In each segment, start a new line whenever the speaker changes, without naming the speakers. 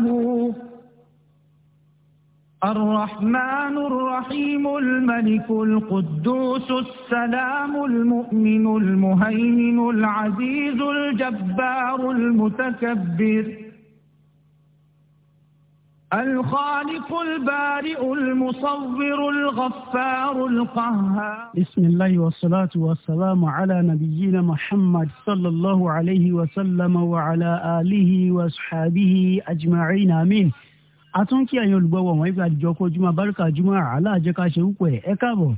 معه الرحمن الرحيم الملك القدوس السلام المؤمن المهيمن العزيز الجبار المتكبر الخالق البارئ المصور الغفار القهار بسم الله والصلاة والسلام على نبينا محمد صلى الله عليه وسلم وعلى آله وصحبه أجمعين آمين atúnkí ẹ̀yin olùgbọ́wọ́ wọn ibi àdìjọ kó jùmọ̀ bárúkà jùmọ̀ aláàjẹká ṣe ń pẹ̀ ẹ káàbọ̀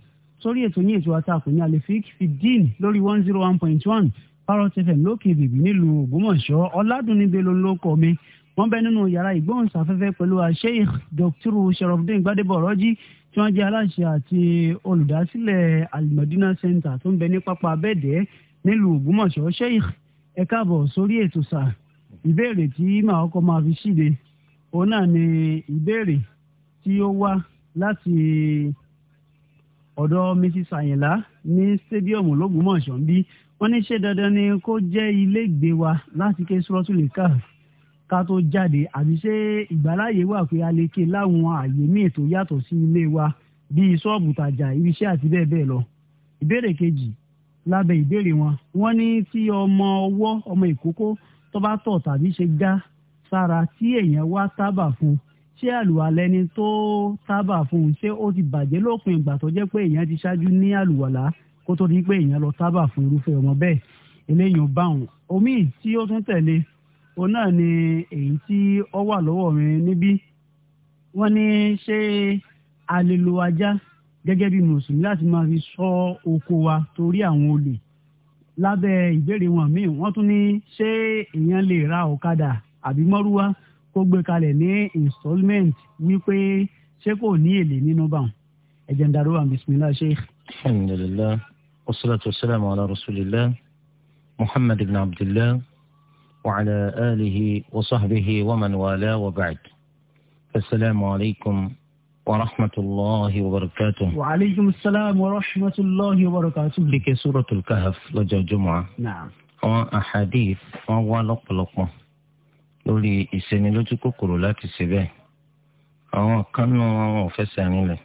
sórí ètò ní ètò àtàkùn ní àlefik fidin lórí one zero one point one parrot fm lókè bèbí nílùú ògbómọ̀ṣọ́ ọ̀làdúnníbẹ̀ ló ń lókọ̀ mi wọ́n bẹ nínú yàrá ìgbóhùnsáfẹ́fẹ́ pẹ̀lú Sheikh Dr. Sharafdin Gbadebo Ọ̀rọ́jì tí wọ́n jẹ́ aláṣẹ àti olùdásílẹ̀ al Center tó ń bẹ ní pápá abẹ́ẹ̀dẹ́ nílùú Ògbómọ̀ṣọ́ Sheikh ẹ káàbọ̀ sórí ètò sáà ìbéèrè tí màá kọ́ máa fi ṣíde òun náà ni ìbéèrè tí ó wá láti ọ̀dọ̀ Mrs. Àyìnlá ní stadiumu lógbómọ̀ṣọ́ ń bí wọ́n ní ṣé dandan ni kó jẹ́ ilé ìgbé wa láti ké Suratul Kahf ká tó jáde àbí ṣé ìgbàláyè wà pé a lè ké láwọn àyè míì tó yàtọ̀ sí ilé wa bíi ṣọ́ọ̀bù tàjà ibiṣẹ́ àti bẹ́ẹ̀ bẹ́ẹ̀ lọ. ìbéèrè kejì lábẹ́ ìbéèrè wọn wọ́n ní tí ọmọ ọwọ́ ọmọ ìkókó tó bá tọ̀ tàbí ṣe gá sára tí èèyàn wá tábà fún ṣé àlùwalẹ́ ni tó tábà fún un ṣé ó ti bàjẹ́ lópin ìgbà tó jẹ́ pé èèyàn ti ṣáájú ní àlùwàlá kó tó di pé èèyàn lọ tábà fún irúfẹ́ ọmọ bẹ́ẹ̀ eléyìí ò bá òun omi tí ó tún tẹ̀lé òun náà ni èyí tí ó wà lọ́wọ́ mi níbí wọ́n ní ṣé a lè lo ajá gẹ́gẹ́ bí mùsùlùmí láti máa fi ṣọ́ oko wa torí àwọn olè lábẹ́ ìbéèrè wọn míì wọ́n tún ní ṣé èèyàn lè ra ọ̀kadà àbí mọ́rúwá kó gbé kalẹ̀ ní installment wípé ṣé kò ní èlé nínú bá wọn ẹ̀jẹ̀
ń darúwà bismillah sheikh. alhamdulilayi wasalaatu wasalaamu ala rasulillah muhammad ibn abdullah. وعلى آله وصحبه ومن والاه وبعد السلام عليكم ورحمة الله وبركاته وعليكم السلام ورحمة الله وبركاته لك سورة الكهف لجا جمعة نعم وأحاديث وولق لقمة لولي إسان لجكو كرولاك سبه وكان وفسان له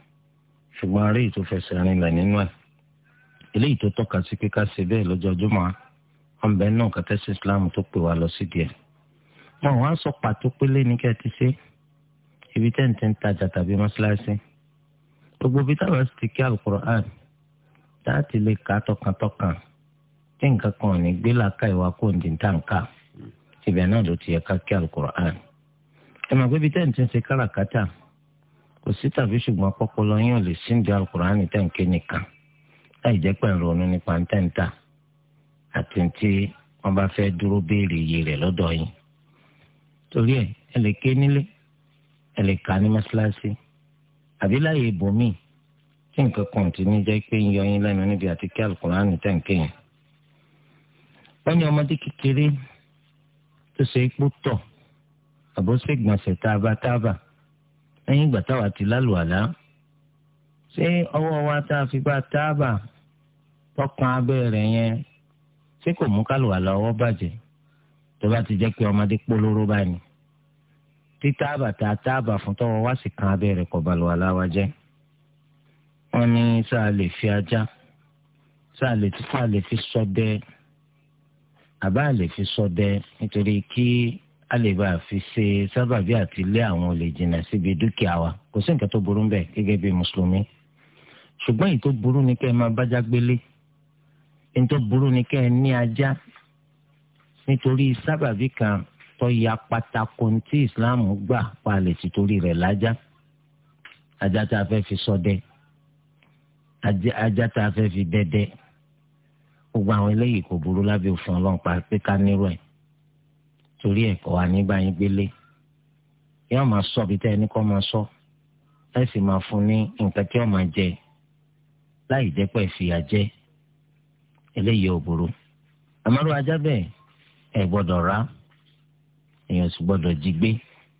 شباري تفسان له ننوه إليه تتوقع سكيكا سبه لجا جمعة ọ̀nbẹ náà kẹtẹ́sí islam tó pè wá lọ sí díẹ̀. wọn wá sọ pàtó pélé ní kẹ́ ẹ ti ṣe ibi tẹ́ǹtẹ́ ń tajà tàbí mọ́ṣáláṣí gbogbo bí táwọn sì ti kí alukur'an láti lè ka tọkàntọkàn tí nǹkan kan ò ní gbé làákà ìwà kó ní tàǹkà ibẹ̀ náà ló ti yẹ ká kí alukur'an. ẹ mọ̀ pé bí tẹ́ǹtẹ́ ń ṣe káràkátà kò sí tàbí ṣùgbọ́n pọ́pọ́ lọ yín ò lè síndìí alukur'an tẹ̀ǹkẹ́ nìkan láì jẹ́ pẹ̀lú ronú àti tí wọ́n bá fẹ́ dúró béèrè iye rẹ̀ lọ́dọ̀ yín torí ẹ̀ ẹ lè ké nílé ẹ lè kà ní mọ́ṣáláṣí àbí láyé ibòmíì tí nǹkan kan ti ní jẹ́ pé ń yọ yín lẹ́nu níbi àti kí alukóran ní tẹ̀ǹkẹ́ yẹn. wọ́n ní ọmọdé kékeré tó ṣe ipò tọ̀ àbó ṣègbọ̀nsẹ̀ tába tába lẹ́yìn ìgbà táwa ti lálùwàlá ṣé ọwọ́ wa tá a fi bá tábà tọkàn abẹ́ yẹn ṣé kò mú kálù àlọ́ ọwọ́ bàjẹ́ tó bá ti jẹ́ pé ọmọdé polówó báyìí títà bàtà táàbà fún tọwọ́ wá sí kan abẹ́rẹ́ kọ̀ bàlù àláwa jẹ́ wọ́n ní sáà lè fi ajá sáà lè fi sáà lè fi ṣọdẹ àbá lè fi ṣọdẹ nítorí kí a lè bá a fi ṣe sábàbí àti ilé àwọn olè jìnnà síbi dúkìá wa kò sí nǹkan tó burú ń bẹ gẹ́gẹ́ bí mùsùlùmí ṣùgbọ́n èyí tó burú ni kẹ́ ẹ máa bájá gbélé nítorí burú ni kẹ́ ẹ ní ajá nítorí sábàbí kan tó ya pátákó tí islam gbà palẹ̀ títorí rẹ̀ lájá ajá tá a fẹ́ fi ṣọdẹ ajá tá a fẹ́ fi dẹdẹ gbogbo àwọn eléyìí kò burú lábẹ́ òfin ọlọ́run pa pé ká nírú ẹ̀ torí ẹ̀ kọ́ wa nígbà yín gbélé yóò máa sọ bí tẹ́ ẹni kọ́ máa sọ ẹ sì máa fún ní nǹkan tí yóò máa jẹ láì jẹ́ pẹ́ fìyà jẹ eléyìí ò burú àmọ́rú ajá bẹ́ẹ̀ ẹ̀ gbọ́dọ̀ rà èèyàn sì gbọ́dọ̀ jí gbé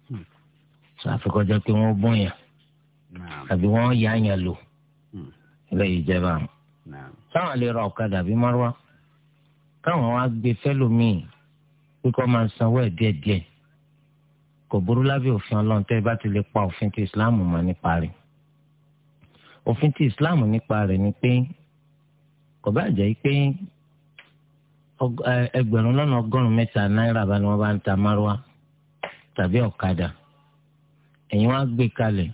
hmm. sọ àfikọ́jọ́ pé wọ́n bọ́ yàn àbí wọ́n yà yàn lò hmm. eléyìí jẹba táwọn lè ra ọ̀kadà bí márùwá káwọn wá gbé fẹ́lòmíì kíkọ́ máa sanwó ẹ̀ díẹ̀díẹ̀ kò burú lábẹ́ òfin ọlọ́run tẹ́ ẹ bá ti lè pa òfin ti islam mọ́ nípa rẹ̀ òfin ti islam nípa rẹ̀ ni pé kò bá jẹ́ pé ẹgbẹ̀rún lọ́nà ọgọ́rùn-ún mẹ́ta náírà bá ni wọ́n bá ń ta márúwá tàbí ọ̀kadà ẹ̀yin wá gbé kalẹ̀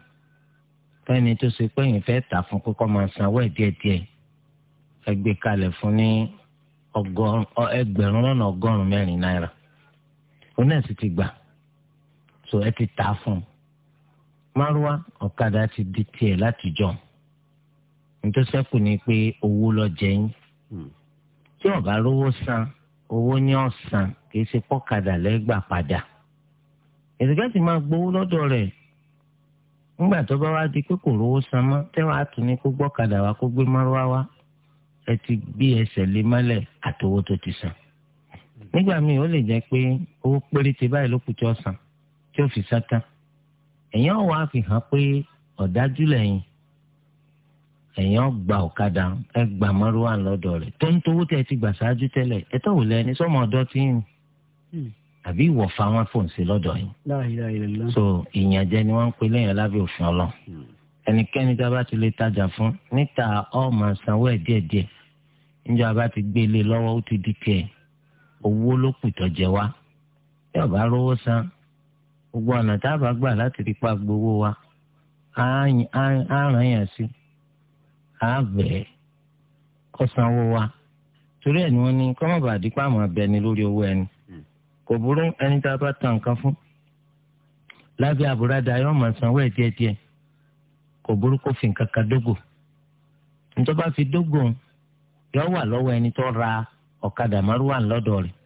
fẹ́ni tó ṣe pé ẹ̀yin fẹ́ tà fún kókó máa sanwó ẹ̀ díẹ̀díẹ̀ ẹ gbé kalẹ̀ fún ní ẹgbẹ̀rún lọ́nà ọgọ́rùn-ún mẹ́rin náírà òun náà sì ti gbà so ẹ ti tà fún un márúwá ọ̀kadà ti di tiẹ̀ látijọ́. nítorí sẹ́kù ni pé owó lọ jẹyìn hmm. tí ọ̀gá lówó san owó ní ọ̀sán kìí ṣe pọ́kadà lẹ́gbà padà èdèkà sì máa gbowó lọ́dọ̀ rẹ̀ nígbà tó bá wá di pé kò rówó san mọ́ tẹ́wọ̀n á kó ẹ ti gbé ẹsẹ̀ lé mọ́lẹ̀ tó ti san nígbà míì ó lè jẹ́ pé owó báyìí ló kù tí tí ó fi sátán èèyàn gba ọ̀kadà ẹ gba mọ́rúwà lọ́dọ̀ rẹ̀ tẹ́ńtowó tẹ́ ti gbà ṣáájú tẹ́lẹ̀ ẹ tó wò lẹ́ni sọ́mọ ọ̀dọ́ tí ń hmm. àbí ìwọ̀ fa wọn fòun sí lọ́dọ̀ yìí. so ìyànjẹ ni wọ́n ń pe lẹ́yìn lábẹ́ òfin ọlọ́ hmm. ẹnikẹ́ni tí a bá ti lè tajà fún níta ọ̀ọ́mà sanwó ẹ̀ díẹ̀díẹ̀ níjọ́ a bá ti gbé lé lọ́wọ́ ó ti di tiẹ̀ owó ló kù tọ́jẹ́ wá tí ọ̀bá rówó san gbogbo ọ̀nà tá a bá gbà láti rí pa gbowó wa á ràn yàn sí i àbẹ̀ kọ́sánwó wa torí ẹ̀ ni wọ́n ní kọ́mọ̀ bá dípò abẹ ni lórí owó ẹni hmm. kò burú ẹni tá a bá ta fún lábẹ́ àbúradà yóò máa sanwó díẹ díẹ kò burú kó fi nǹkan kan dógò fi dógò yóò wà lọ́wọ́ ẹni ra ọ̀kadà márùwà lọ́dọ̀ rẹ̀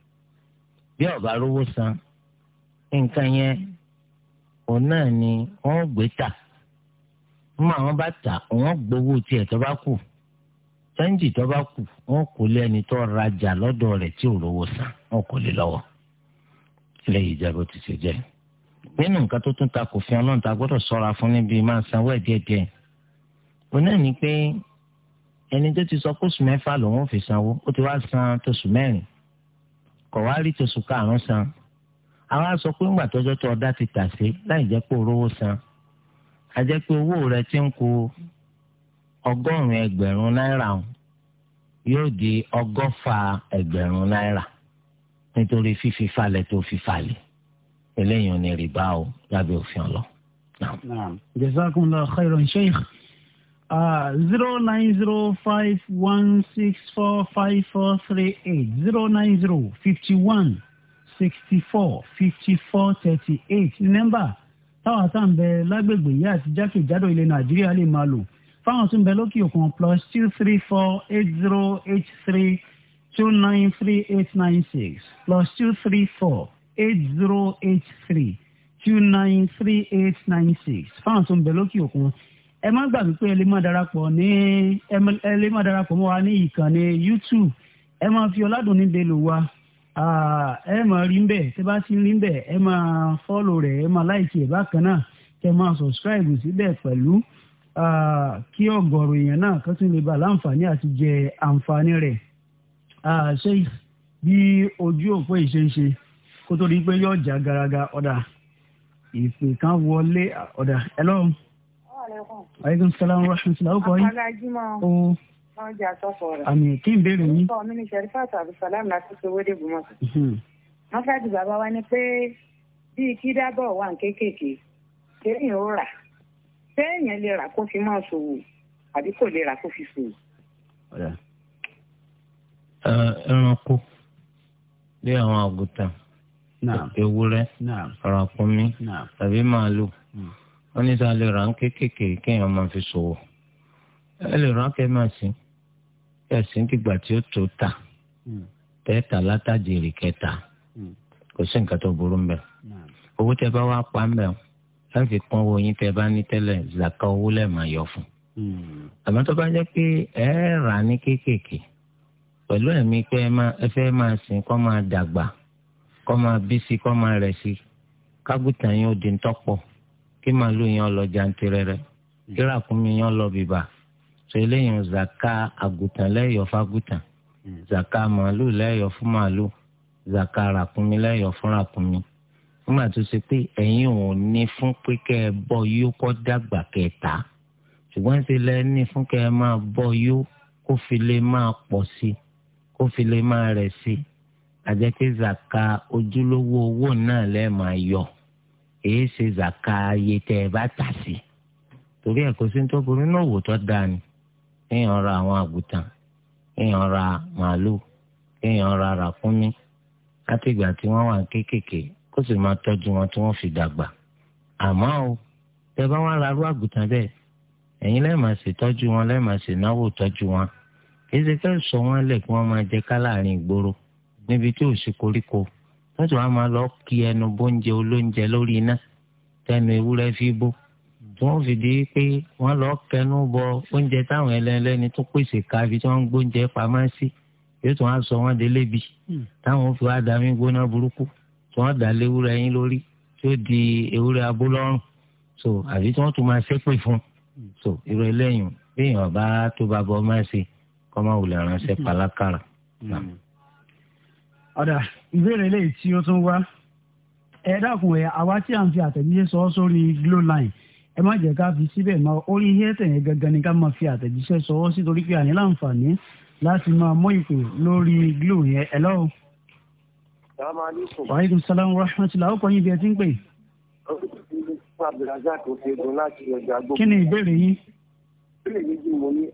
bí san nǹkan yẹn òun náà ni mọ àwọn bá tà wọn gbowó tiẹ̀ tó bá kù sẹ́ńjì tó bá kù wọn kò lé ẹni tó rajà lọ́dọ̀ rẹ̀ tí ò lówó san wọn kò lè lọ́wọ́ eléyìí jẹ́ ti ṣe jẹ́ nínú nǹkan tó tún ta kò fi ọlọ́run ta gbọ́dọ̀ sọ́ra fún níbi máa sanwó ẹ̀ díẹ̀díẹ̀ òun náà ni pé ẹni tó ti sọ pé oṣù mẹ́fà lòun ò fi sanwó ó ti wá san tóṣù mẹ́rin kọ̀ wá rí tóṣù karùn-ún san àwa sọ pé ńgbà tọ́jọ́ tó ọdá ti tà sí láì jẹ́ pé ó san a jẹ́ pé owó rẹ ti ń kù ọgọ́rùn-ún ẹgbẹ̀rún náírà yóò di ọgọ́fà ẹgbẹ̀rún náírà nítorí fífi falẹ̀ tó fi falẹ̀ eléyìí ò ní rìbá o lábẹ́ òfin ọlọ.
jazakumullahu khairan sheikh ah, zero nine zero five one six four five four three eight zero nine zero fifty one sixty four fifty four thirty eight nọ́mbà táwọn tá à ń bẹ lágbègbè yìí àti jákèjádò ilẹ̀ nàìjíríà lè máa lò fáwọn tó ń bẹ lókè òkun plus two three four eight zero eight three two nine three eight nine six plus two three four eight zero eight three two nine three eight nine six fáwọn tó ń bẹ lókè òkun ẹ má gbàgbé pé ẹ lè má darapọ̀ ní ẹ lè má darapọ̀ mọ́ wa ní ìkànnì youtube ẹ máa fi ọ̀làdùn níbẹ̀ lò wá Ah, ẹ máa rí bẹ́ẹ̀ tẹ́ bá ti rí bẹ́ẹ̀ ẹ máa fọ́lọ̀ rẹ̀ ẹ máa láìkí ẹ̀ bákan náà kẹ́ máa sọ̀sìkáìbù síbẹ̀ pẹ̀lú ah, kí ọ̀gọ̀rọ̀ èèyàn náà kó tún lè bá láǹfààní àti jẹ àǹfààní rẹ̀ ah, ṣé bí ojú òpó ìṣeéṣe kó tó di pé yóò já garaga ọ̀dà ìpè kan wọlé ọ̀dà ẹ lọ́run. aleykum salaam wa rahmatulah. àpàlà
jimá wọ́n jẹ́ atọ́kọ̀ rẹ̀. àmì kí n béèrè yín. orúkọ mi ni sẹ́rífàtì abdulsalam láti sowó dé bùmọ̀sán. wọ́n fẹ́ di bàbá wa ni pé bíi kí dábọ̀ wà kéékèèké kéèyàn ó rà téèyàn lè rà kó fi máa ṣòwò àbí kò lè rà kó fi ṣòwò.
ẹranko
bí àwọn àgùntàn ewúrẹ́ ràkúnmí tàbí màálù hmm. wọ́n ní sáà lè rà ń kéékèèké kéèyàn máa fi ṣòwò ẹ lè rà kẹ́ẹ́ máa sìn ẹ̀sìn dìgbà tí ó tó tà hmm. tẹ́ẹ̀ta látàjèrè kẹta hmm. kò sí nǹkan tó burú mbẹ. owó tẹ bá wá pa mbẹ láti pọn owó yín tẹ bá ní tẹ́lẹ̀ zaka owó lẹ́ẹ̀ máa yọ fún. Hmm. àmọ́ tó bá jẹ́ pé ẹ rà ní kéékèèké pẹ̀lú ẹ̀mí pé ẹ fẹ́ máa sìn kọ́ máa dàgbà kọ́ máa bí sí kọ́ máa rẹ̀ sí kágùtà yín ó di ń tọ́pọ̀ kí màálù yín ó lọ jantirẹrẹ kí ràkúnmí yín ó so eléyìí zaka àgùtàn lẹ́yọ̀ fágùtàn hmm. zaka màálù lẹ́yọ̀ fún màálù zaka ràkúnmí lẹ́yọ̀ fún ràkúnmí nígbà tó ṣe pé ẹ̀yin ò ní fún pé kẹ́ ẹ bọ́ yó kọ́ dàgbà kẹta ṣùgbọ́n ṣe lẹ́ ní fún kẹ́ ẹ máa bọ́ yó kó fi lè máa pọ̀ sí kó fi lè máa rẹ̀ sí àjẹ́ pé zaka ojúlówó owó náà lẹ́ máa yọ èé ṣe zaka ayé tẹ́ ẹ bá tà sí torí ẹ̀ kò sí ní tó burú tó dáa ni kéèyàn ra àwọn àgùntàn kéèyàn ra màálù kéèyàn ra ràkúnmí láti ìgbà tí wọ́n wà kéékèèké kó sì máa tọ́jú wọn tí wọ́n fi dàgbà àmọ́ o tẹ bá wọn ra arú àgùntàn bẹ́ẹ̀ ẹ̀yin lẹ́ẹ̀ máa ṣe tọ́jú wọn lẹ́ẹ̀ máa ṣe náwó tọ́jú wọn kì í ṣe fẹ́ sọ wọn lẹ̀ kí wọ́n máa jẹ ká láàrin ìgboro níbi tí ò sí koríko lọ́sọ̀ wọn máa lọ kí ẹnu bóúnjẹ olóúnjẹ lórí iná tẹnu ewúrẹ́ fi bó tí wọ́n fi di pé wọ́n lọ kẹnu bọ oúnjẹ táwọn ẹlẹ́ni tó pèsè kábi tí wọ́n ń gbóúnjẹ pamọ́ sí yóò tún wá sọ wọ́n délé bi hmm. táwọn fi wá dàmí gbóná burúkú tí wọ́n dà léwúrẹ́ yín lórí tí ó di ewúrẹ́ abúlọ́rùn so àbí tí wọ́n tún máa ṣépè fún hmm. so irú eléyìí bíyàn ọba tó bá bọ́ máa ṣe kọ́ máa wùlẹ̀ ránṣẹ́ hmm. pàlákàrà.
ọ̀dà ìbéèrè eléyìí tí ó tún wá ẹ dákun ẹ̀ àwa tí à ń fi àtẹ̀jíṣẹ́ sọ sórí Glo line ẹ má jẹ́ ká fi síbẹ̀ mọ́ orí airtel yẹn gangan ni ká máa fi àtẹ̀jíṣẹ́ sọwọ́ sí torí pé àní láǹfààní láti máa mọ ìpè lórí glo yẹn ẹ lọ́wọ́. wa alaikum salaam wa rahmatullahi ó kọ́ yín bí ẹ ti ń pè. kí ni ìbéèrè yín.
ìbéèrè yín bí mo ní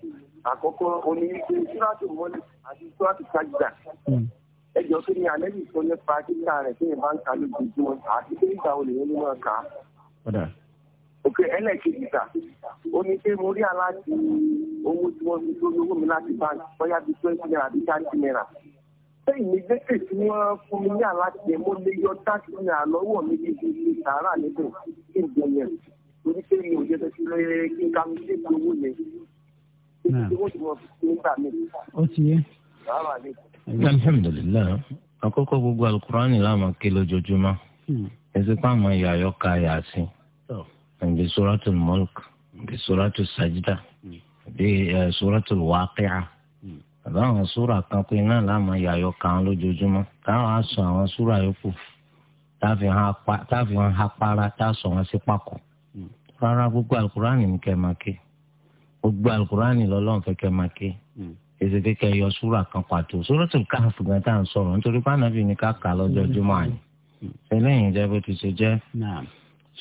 àkọ́kọ́ oní ìpè síláàtì mọ́lẹ̀ àti síláàtì kájíjà ẹjọ́ kí ni àlẹ́ yìí sọ nípa kíkà rẹ̀ kí ni bá ń ka lójoojúmọ́ àti kí nígbà wo lè yẹn ní máa kà á òkè ẹlẹ́ẹ̀kejì ta ó ní pé mo rí aláàtì owó tí wọ́n fi lórí owó mi láti báńkì bóyá bíi twenty naira bíi thirty naira lẹ́yìn mi gbèsè tí wọ́n fún mi ní aláàtì yẹn mo lè yọ thirty naira lọ́wọ́ mi bíi bíi bíi sàárà níbẹ̀ kí n jẹ yẹn torí pé mi ò jẹ́ fẹ́ lé kí n ká mi lé owó yẹn owó tí wọ́n fi fún gbà mí.
ó ti yé. alhamdulilayi
àkọ́kọ́ gbogbo alukurani la máa ké lójoojúmọ́ ẹsẹ hmm. pa àwọn ìyá ayọkà yà sí bí suratul mulk bí suratul sajda bí hmm. eh, suratul waqi'ah hmm. àbá àwọn sóra kan pé náà láàmú yàyọ kan lójoojúmọ́ táwọn á sọ àwọn sóra yòókù táàfin wọn apara táàsọ wọn sí pákó hmm. rárá gbogbo alukurani gbogbo alukurani lọ́lọ́run fẹ́ máa ké yọ kan pàtó tá à ń nítorí pàánà bíi ní ká kà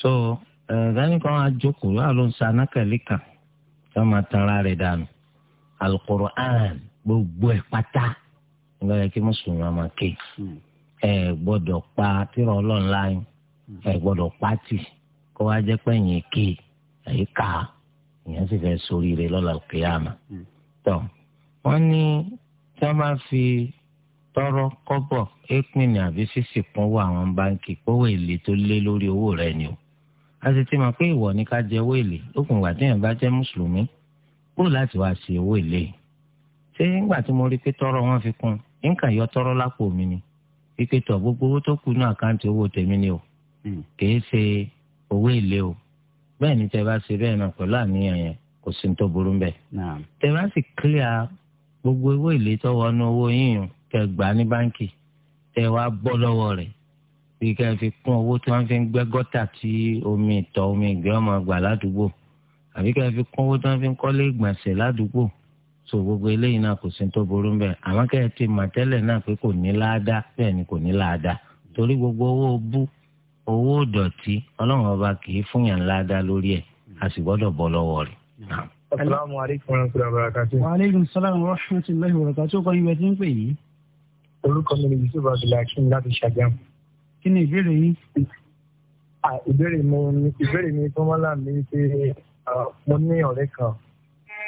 ti ẹ̀ẹ́dání kan á jókòó yóò lọ sa kan tí wọ́n máa tanra rẹ̀ dànù alukur'an gbogbo ẹ̀ pátá ló yẹ kí mùsùlùmí máa ké hmm. ẹ̀ gbọ́dọ̀ pa tírọ̀ ọlọ́run láyún hmm. ẹ̀ gbọ́dọ̀ pátì kó wá jẹ́ pé ẹ̀yìn ké ẹ̀yìn ká ìyẹn sì fẹ́ sórí rẹ̀ lọ́la kíyámà hmm. tó wọ́n ní tí wọ́n bá fi tọrọ kọ́bọ̀ ẹ̀pìnì àbí sísìkún wọ àwọn báńkì kówó èlé tó lé lórí owó rẹ̀ ni o a sì ti pé ìwọ ni ká jẹ owó èlé lókun ìgbà téèyàn bá jẹ́ mùsùlùmí kó láti wá sí owó èlé ṣé nígbà tí mo rí pé tọrọ wọn fi kún nǹkan yọ tọrọ lápò mi ni wípé tọ gbogbo owó tó kù ní àkáǹtì owó tèmi ni o hmm. kìí ṣe owó èlé o bẹ́ẹ̀ ni tẹ́ bá ṣe bẹ́ẹ̀ náà pẹ̀lú àníyàn yẹn kò sí ní tó burú bẹ́ẹ̀. tẹ́ bá sì clear gbogbo owó èlé tó wọnú owó yíyan kẹ́ gbà ní báǹkì tẹ́ wá bọ́ lọ́wọ́ rẹ̀ bí ká fi kún owó tí wọ́n fi ń gbẹ́ gọ́tà tí omi ìtọ̀ omi ìgbẹ́ ọmọ gbà ládùúgbò àbí ká fi kún owó tí wọ́n fi ń kọ́lé ìgbọ̀nsẹ̀ ládùúgbò so gbogbo eléyìí náà kò sí tó burú ń bẹ àmọ́ kẹ́ ẹ ti mọ̀ tẹ́lẹ̀ náà pé kò ní láàdá bẹ́ẹ̀ ni kò ní láàdá torí gbogbo owó bú owó dọ̀tí ọlọ́run ọba kì í fúnyàn láàdá lórí ẹ̀ a sì gbọ́dọ̀ bọ́ lọ́wọ́ rẹ̀.
asalaamu aleykum wa rahmatulahi wa barakatu. wa rahmatulahi kí ni ìbéèrè yín. ìbéèrè mi
ìbéèrè mi tó wọ́n láàmì pé mo ní ọ̀rẹ́ kan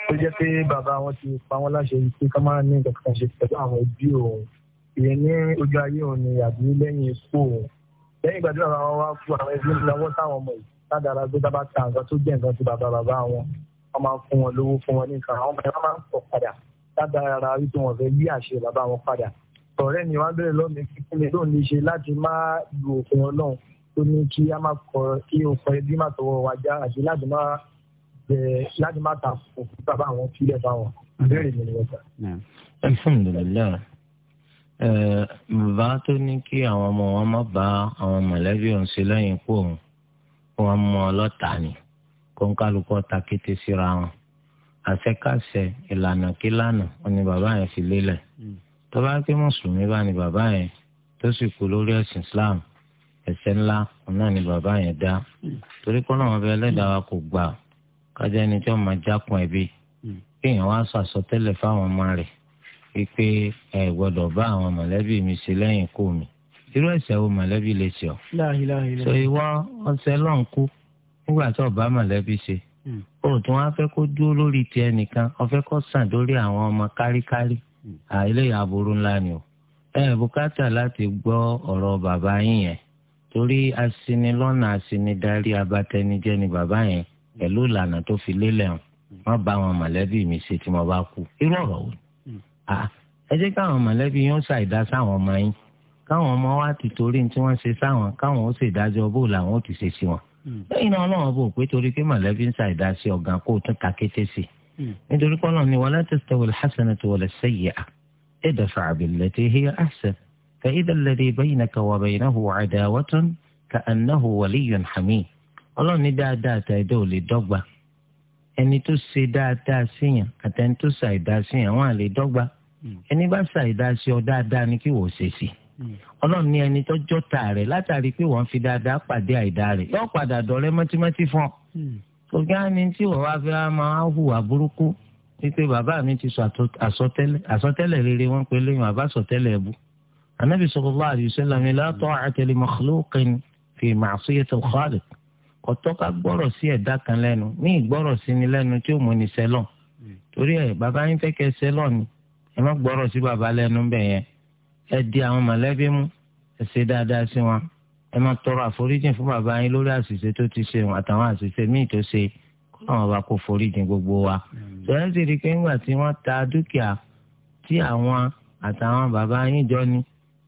tó jẹ́ pé bàbá wọn ti pa wọ́n láṣẹ pé ká máa ní nǹkan kan ṣe pẹ̀lú àwọn ẹbí òun ìyẹn ní ojú ayé òun ni àbí lẹ́yìn ikú òun lẹ́yìn ìgbà tí bàbá wọn wá fún àwọn ẹbí lọ́wọ́ táwọn ọmọ yìí ládàra gbé bàbá ta nǹkan tó jẹ́ nǹkan ti bàbá bàbá wọn wọ́n máa ń fún wọn lówó fún wọn ní nǹkan àwọn ọmọ yẹn wọ́n máa ń pọ̀ padà ládàra wípé wọ́n fẹ́ yí àṣẹ bàbá wọn padà ọ̀rẹ́ mi wá bẹ̀rẹ̀ lọ́mí kí ni lóun lè ṣe láti má lu òfin ọlọ́run tó ní kí a má kọ kí òkọ ẹbí má tọwọ́ wa já àti láti má bẹ láti má ta òkú bàbá àwọn sílẹ̀ fáwọn ìbéèrè mi nìyẹn sà.
alhamdulilayi bàbá tó ní kí àwọn ọmọ wọn má bá àwọn mọ̀lẹ́bí ọ̀hún sí lẹ́yìn kú òun kó wọn mú ọlọ́ta ni kó ń kálukọ́ ta kété síra wọn àṣekáṣe ìlànà kílànà wọn ni bàbá yẹn fi lélẹ̀. Hmm tọ́ba ń pé mùsùlùmí bá ní bàbá yẹn tó sì kú lórí ẹ̀sìn islam ẹ̀ṣẹ̀ ńlá náà ni bàbá yẹn dá torí kọ́ wọn bẹ ẹlẹ́dàá wa kò gbà kájá ẹni tí wọ́n máa jákun ẹ̀bí kéèyàn wá sọ àsọtẹ́lẹ̀ fáwọn ọmọ rẹ̀ wípé ẹ gbọ́dọ̀ bá àwọn mọ̀lẹ́bí mi ṣe lẹ́yìn kú mi irú ẹ̀ṣẹ̀ wo mọ̀lẹ́bí lè ṣe ọ́ so ìwọ ọsẹ lọ́n kú nígbà tó bá mọ̀lẹ́bí ṣe òòtún hmm. wá fẹ́ kó dúró lórí tiẹ̀ nìkan ó fẹ́ kó sàn lórí àwọn ọmọ káríkárí àìlèyà aburú ńlá ni o ẹ bùkátà láti gbọ́ ọ̀rọ̀ bàbá yín yẹn torí asinilọ́nà asinidarí abatẹnijẹ́ ni bàbá yẹn pẹ̀lú ìlànà tó fi lélẹ̀ hàn wọ́n bá àwọn mọ̀lẹ́bí mi ṣe tí mo bá kú irú ọ̀rọ̀ wò ẹ jẹ́ káwọn mọ̀lẹ́bí yín ó ṣàìdá sáwọn ọmọ yín káwọn ọmọ wa ti torí tí wọ́n ṣe sáwọn káwọn ó ṣèdájọ́ bó làwọn ó ti ṣe sí wọn hmm. lẹ́yìn náà ọlọ́run bò pé torí pé mọ̀lẹ́bí ń ṣàìdá sí ọ̀gá kó tún ta sí i nítorí pé ọlọ́run ni wala tastawi al-hasanatu wala as-sayyi'atu idfa' billati hiya ahsan fa idha alladhi baynaka wa baynahu 'adawatun ka'annahu waliyyun hamim ọlọ́run ní dáadáa àtàdé ò lè dọ́gba ẹni tó ṣe dáadáa síyàn àtẹni tó ṣàìdá síyàn wọn à lè dọ́gba hmm. ẹni bá ṣàìdá sí ọ dáadáa ni kí wò ṣe sí hmm. ọlọ́run ní ẹni tó jọ́ta rẹ̀ látàrí pé wọ́n fi dáadáa pàdé àìdá rẹ̀ yóò ọ̀gá ni tí wọ́n wá fẹ́ máa hùwà burúkú wípé bàbá mi ti sọ àsọtẹ́lẹ̀ àsọtẹ́lẹ̀ rere wọ́n pe lóyún àbá sọtẹ́lẹ̀ ẹ̀bù anabi sallallahu alayhi wa sallam la ta'ata li makhluqin fi ma'siyatil khaliq ọ̀tọ́ ká gbọ́rọ̀ sí ẹ̀dá kan lẹ́nu ní ìgbọ́rọ̀ sí ni lẹ́nu tí ó mú ni sẹ́lọ̀ torí ẹ̀ bàbá yín fẹ́ kẹ́ sẹ́lọ̀ ni ẹ má gbọ́rọ̀ sí bàbá lẹ́nu bẹ̀ yẹn ẹ di àwọn mọ̀lẹ́bí mú ẹ ṣe dáadáa sí wọn ẹ máa tọrọ àforíjì fún bàbá yín lórí àṣìṣe tó ti ṣe àtàwọn àṣìṣe míì tó ṣe káwọn bá kó foríjì gbogbo wa. sọ̀rọ̀ sì rí i pé ńgbà tí wọ́n ta dúkìá tí àwọn àtàwọn bàbá yín jọ ni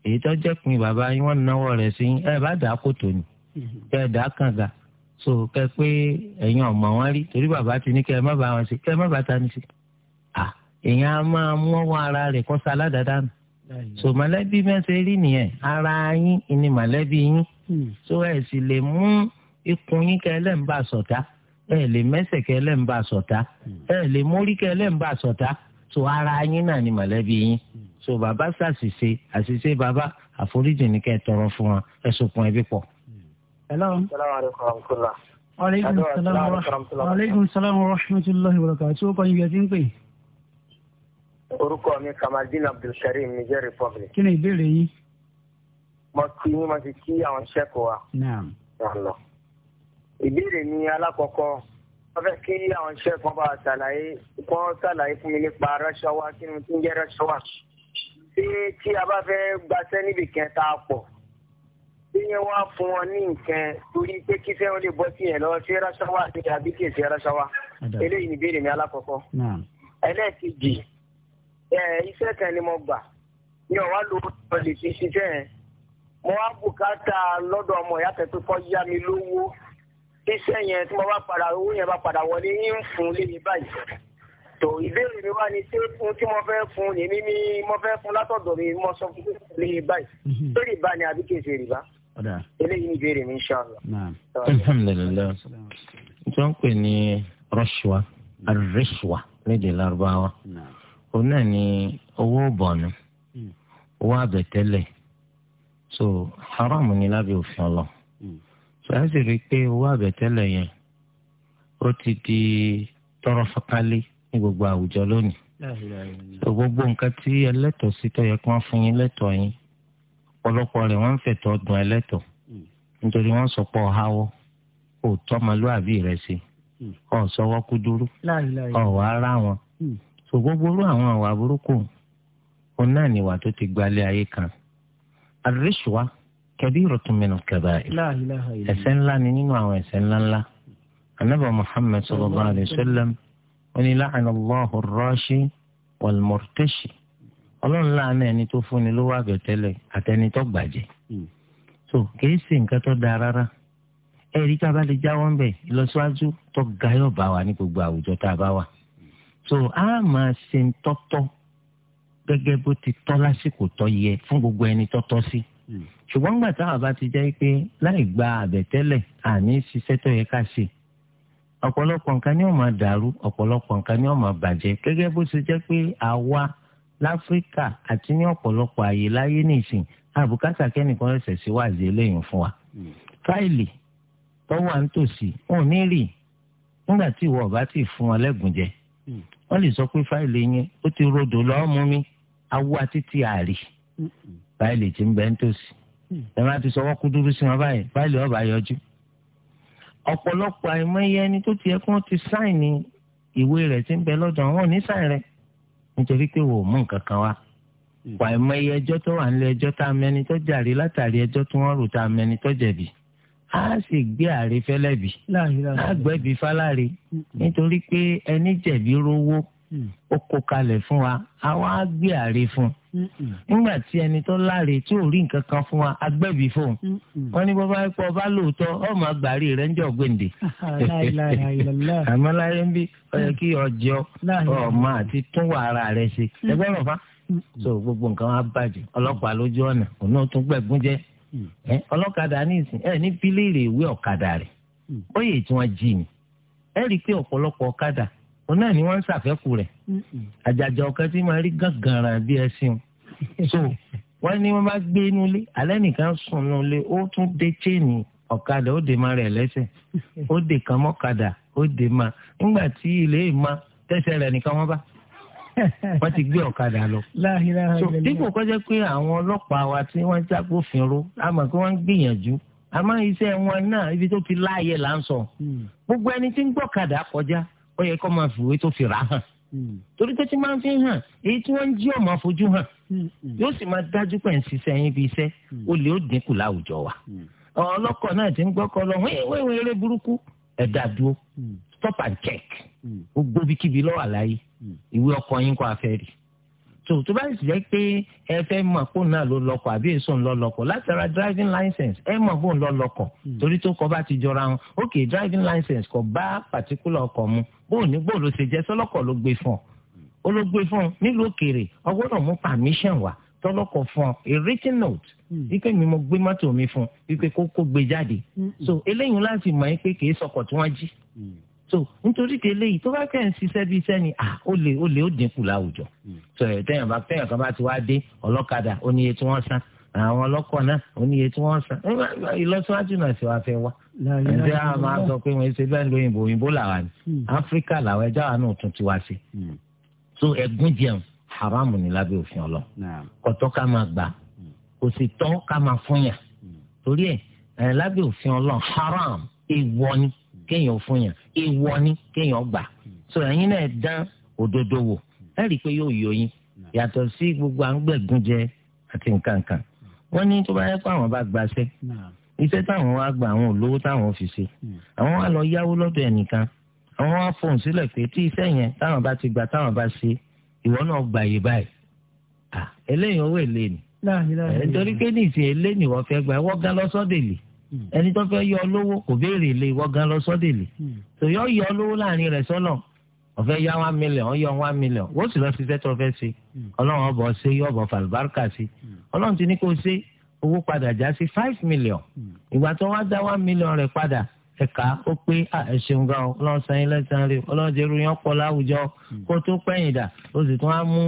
èyí tó jẹ́ pin bàbá yín wọ́n náwó rẹ̀ sí ẹ bá dàá kòtò ni kẹ́ ẹ dàá kànga so kẹ́ pé ẹ̀yin ọ̀mọ̀ wọn rí torí bàbá ti ní kẹ́ ẹ má bá wọn sí kẹ́ ẹ má bá ta ni sí. èèyàn á máa mú ọwọ́ ara rẹ̀ kọ́ sa aládàáda nù so mọ̀lẹ́bí mẹ́sẹ̀ rí nìyẹn ara yín ni mọ̀lẹ́bí yín Hmm. so ẹ sì lè mú ikùn yín kẹ lẹ́ǹbà sọ̀tá ẹ lè mẹ́sẹ̀ kẹ lẹ́ǹbà sọ̀tá hmm. ẹ lè mórí kẹ lẹ́ǹbà sọ̀tá so ara yín náà ni mọ̀lẹ́bí yín hmm. so bàbá ṣàṣìṣe àṣìṣe bàbá àforíjì ni kẹ tọrọ fún wa ẹ sọkùn ẹbí pọ̀.
hello. aleykum
salaam wa rahmatulahi wa barakatuh tí ó kọ́ ibi ẹ ti ń pè
orúkọ mi kamaldin abdulkareem niger republic.
kí ni ìbéèrè yín
máa kí yín máa ti kí àwọn iṣẹ́ kọ wa. ìbéèrè mi alákọ̀ọ́kọ́ wọ́n fẹ́ kí àwọn iṣẹ́ kan bá ṣàlàyé kan ṣàlàyé fún mi nípa rẹ́ṣọ́wá kí ni tí ń jẹ́ rẹ́ṣọ́wá. ṣé tí a bá fẹ́ gbaṣẹ́ níbi kẹta pọ̀ ṣé yẹn wá fún wọn ní nǹkan torí pé kí fẹ́ràn lè bọ́ sí yẹn lọ ṣé rẹ́ṣọ́wá ni àbí kì í ṣe rẹ́ṣọ́wá. eléyìí ni ìbéèrè mi alákọ̀ọ́kọ́. ẹlẹ́ẹ̀kejì iṣẹ́ kan ni mo gbà mi ò wá lò ó lè fi ṣiṣẹ́ yẹn mo wá bùkátà lọ́dọ̀ ọmọ ìyá kẹ́tù kọ́ yá mi lówó iṣẹ́ yẹn tí mo bá padà owó yẹn bá padà wọlé ń fún léyìn báyìí tó ìbéèrè mi wá ni ṣé fún tí mo fẹ́ fún ni mímí mo fẹ́ fún látọ̀dọ̀ mi mo sọ fún léyìn báyìí mhm. ṣé rìbá ni àbí kèsè rìbá eléyìí ni ìbéèrè mi insha
Allah. alhamdulilayi
tí wọ́n pè ní rọ́ṣùwà àrẹ́ṣùwà lédè lárúbáwá òun náà ni owó bọ̀nù hmm. owó àbẹ̀tẹ́lẹ̀ so haram ni lábẹ́ òfin ọlọ hmm. so ẹ sì rí i pé owó àbẹ̀tẹ́lẹ̀ yẹn ó ti di tọrọ fọkálé ní gbogbo àwùjọ lónìí so gbogbo nǹkan tí ẹlẹ́tọ̀ọ́ sí tọ́ yẹ kí wọ́n fún yín lẹ́tọ̀ọ́ yín ọ̀pọ̀lọpọ̀ rẹ̀ wọ́n ń fẹ̀tọ́ dùn ẹlẹ́tọ̀ọ́ hmm. nítorí wọ́n sọ pé ọ̀háwọ́ kò tọ́mọlúàbí rẹ̀ sí hmm. ọ̀ sọ́wọ́ kú dúró ọ̀ wá rá wọn so gbogbo irú àwọn àwà burúkú òun náà nìwà tó ti gbalẹ̀ ayé kan àríṣùwà kabiratun min al-kaba'ir ẹ̀ṣẹ̀ ńlá ni nínú àwọn ẹ̀ṣẹ̀ ńlá ńlá anábà muhammed sallallahu alayhi wa sallam oní la'ana Allahu ar-rashi wal-murtashi ọlọ́run láàánú ẹni tó fúnni ló wà bẹ̀tẹ́lẹ̀ àtẹni tó gbàjẹ́ so kìí ṣe nǹkan tó dáa rárá ẹ̀rí tá a bá lè jáwọ́ ńbẹ̀ ìlọsíwájú tó ga bá wa ní gbogbo àwùjọ tá a bá wà so a máa ṣe tọ́tọ́ gẹ́gẹ́ bó ti tọ́ lásìkò tó yẹ fún gbogbo ẹni tó tọ́ sí. Hmm. ṣùgbọ́n nígbà táwọn bá ti jẹ́ pé láì gba àbẹ̀tẹ́lẹ̀ àní ṣiṣẹ́ tó yẹ ká ṣe ọ̀pọ̀lọpọ̀ nǹkan ni ó máa dàrú ọ̀pọ̀lọpọ̀ nǹkan ni ó máa bàjẹ́ gẹ́gẹ́ bó ṣe jẹ́ pé àwa láfíríkà àti ní ọ̀pọ̀lọpọ̀ àyè láyé nìsín àbùkátà kẹ́nìkan ẹ̀sẹ̀ sí wáàzì eléyìí fún wa. Hmm. fáìlì tọ́wọ́ à ń tòsí wọn ò ní rí nígbà tí ìwọ ọ̀bá ti fún wọn lẹ́gùn jẹ hmm. wọ́n lè sọ pé fáìlì yẹn ó ti rodò lọ́ọ́ mú mi awo àti ti àrí báyìí ti ń bẹ nítòsí mm. ẹ má ti sọwọ́ kú dúró sí wọn báyìí báyìí ọba yọjú ọ̀pọ̀lọpọ̀ àìmọye ẹni tó ti yẹ kí wọ́n ti sáìnì ìwé rẹ̀ ti ń bẹ lọ́dọ̀ àwọn onísàn rẹ̀ nítorí pé wò ó mú nǹkan kan wá wà mm. àìmọye ẹjọ́ tó wà nílé ẹjọ́ tá a mẹ́ni tó jàre látàrí ẹjọ́ tí wọ́n rò tá a mẹ́ni tó jẹ̀bi a sì gbé àrífẹ́lẹ́bi a gbẹ́bi fáláre nítorí pé ẹni jẹ̀bi rówó ó kó kalẹ̀ fún wa a wá gbé àre fún un nígbà tí ẹni tó láre tí ò rí nǹkan kan fún wa agbẹ́bí fún un wọ́n ní bọ́bá ẹ̀ pọ̀ bá lóòótọ́ ọmọ àgbàrí rẹ̀ ń jọ gbèǹde àmọ́ ń bí ó kí mm. ọjọ́ ọmọ àti tún wà ara rẹ̀ ṣe mm. ẹgbẹ́ rọ̀ mm. so gbogbo nǹkan wa bàjẹ́ ọlọ́pàá lójú ọ̀nà òun náà tún gbẹ̀gún jẹ́ ọlọ́kadà ní ìsìn ẹ̀ ní bílíìrì ìwé ọ̀kadà rẹ̀ ó yẹ tí wọ́n jí ni ẹ̀ rí i pé ọ̀pọ̀lọpọ̀ ọ̀kadà òun náà ni wọ́n ń ṣàfẹ́kù rẹ̀ àjàjà ọ̀kan tí máa rí gàngàrà bí ẹṣin so wọ́n ni wọ́n bá gbé inú ilé alẹ́ nìkan sùn inú ilé ó tún dé chain ọ̀kadà ó dè má rẹ̀ lẹ́sẹ̀ ó dè kan mọ́kadà ó dè má nígbà tí ilé ìmọ̀ tẹ́sẹ̀ rẹ̀ nìkan wọ́n bá wọ́n ti gbé ọ̀kadà lọ. so dípò kọjá pé àwọn ọlọ́pàá wa tí wọ́n jágbófinró àmọ́ kí wọ́n gbìyànjú àmọ́ iṣẹ́ wọn náà ibi tó fi láàyè là ń sọ mm. gbogbo ẹni tí ń gbọ́kadà kọjá ó yẹ kó máa fìwé tó fi rà hàn hmm. torí pé tí máa ń fi hàn èyí tí wọ́n ń jí ọmọ fojú hàn hmm, hmm. yóò sì máa dájú pé ń ṣiṣẹ́ yín bí iṣẹ́ ó lè ó dínkù láwùjọ wa ọlọ́kọ̀ náà ti ń gbọ́kọ̀ lọ wíwíwí eré burúkú ẹ̀dá dúró stop and check ó gbóbi kíbi lọ́wọ́ àlàyé ìwé ọkọ̀ yín kó afẹ́ rí tó tó bá sì jẹ́ pé ẹ fẹ́ mọ̀ pò náà ló lọ́kọ̀ àbí èso ń lọ lọ́kọ̀ látara driving license ẹ mọ̀ pò ń lọ lọ́kọ̀ hmm. torí tó kọ bá ti jọra wọn ok driving license kò bá particular ọkọ̀ mu bó ní bó ló ṣe jẹ́ sọ́lọ́kọ̀ ló gbé fún ọ ó ló gbé fún ọ nílùú òkèèrè ọgbọ́dọ̀ mú permission wá tọ́lọ́kọ̀ fún ọ a written note hmm. wípé mi mo gbé mọ́tò mi fún wípé kó kó gbé jáde hmm. so eléyìí láti mọ̀ ẹ́ pé kì í sọkọ̀ tí so nítorí pé eléyìí tó bá kẹ́ ń ṣiṣẹ́ bíi sẹ́ni à ó lè ó lè ó dínkù láwùjọ hmm. so ẹ̀ tẹ́yàn bá tẹ́yàn kan bá ti wá dé ọlọ́kadà ó ní iye tí wọ́n san àwọn ọlọ́kọ̀ náà ó ní iye tí wọ́n san ìlọsíwájú náà sì wá fẹ́ wá
ǹjẹ́ a máa sọ
pé wọ́n ṣe bẹ́ẹ̀ lo òyìnbó òyìnbó làwọn ni hmm. áfíríkà làwọn ẹja àwọn náà tún ti wá sí hmm. so ẹ̀gún jẹun haramu ni lábẹ́ òfin ọlọ kọ̀tọ́ ká máa gbà haram èèwọ̀ kéèyàn fún yàn èèwọ̀ ni kéèyàn gbà sọ̀rọ̀ ẹ̀yin náà dán òdodo wò ẹ rí i pé yóò yọ yín yàtọ̀ sí gbogbo à ń gbẹ̀gùn jẹ àti nǹkan kan wọ́n ní tó bá yẹ kó àwọn bá gbaṣẹ́ iṣẹ́ táwọn wá gba àwọn olówó táwọn fi ṣe àwọn wá lọ yáwó lọ́dọ̀ ẹnìkan àwọn wá fohùn sílẹ̀ pé tí iṣẹ́ yẹn táwọn bá ti gbà táwọn bá ṣe ìwọ náà gbà yé báyìí eléyìí owó èlé ni nítorí pé ní ìsìn èlé ni wọ́n fẹ́ gbà wọ́n gán lọ́sọ́dẹ̀lì Hmm. ẹni tó fẹ́ yọ lówó kò béèrè lé ìwọ gan lọ sọ́dẹ̀ lè tó hmm. yọ yọ lówó láàrin rẹ̀ sọ́nà ọ̀fẹ́ yá one million ọ̀yọ́ one million wọ́n sì lọ sí iṣẹ́ tó fẹ́ ṣe hmm. ọlọ́run ọbọ̀ ṣe yọ ọbọ̀ fàlùbáríkà sí ọlọ́run ti ní kó ṣe owó padà já sí five million ìgbà tó wá dá one million rẹ̀ padà ẹ̀ka ó pé ẹ̀ṣẹ̀ǹgà ọlọ́run sanyí lẹ́sàn-án rẹ̀ ọlọ́run jẹ́rú yẹn pọ̀ láwùjọ kó tó pẹ́yìn dà ó sì tún á mú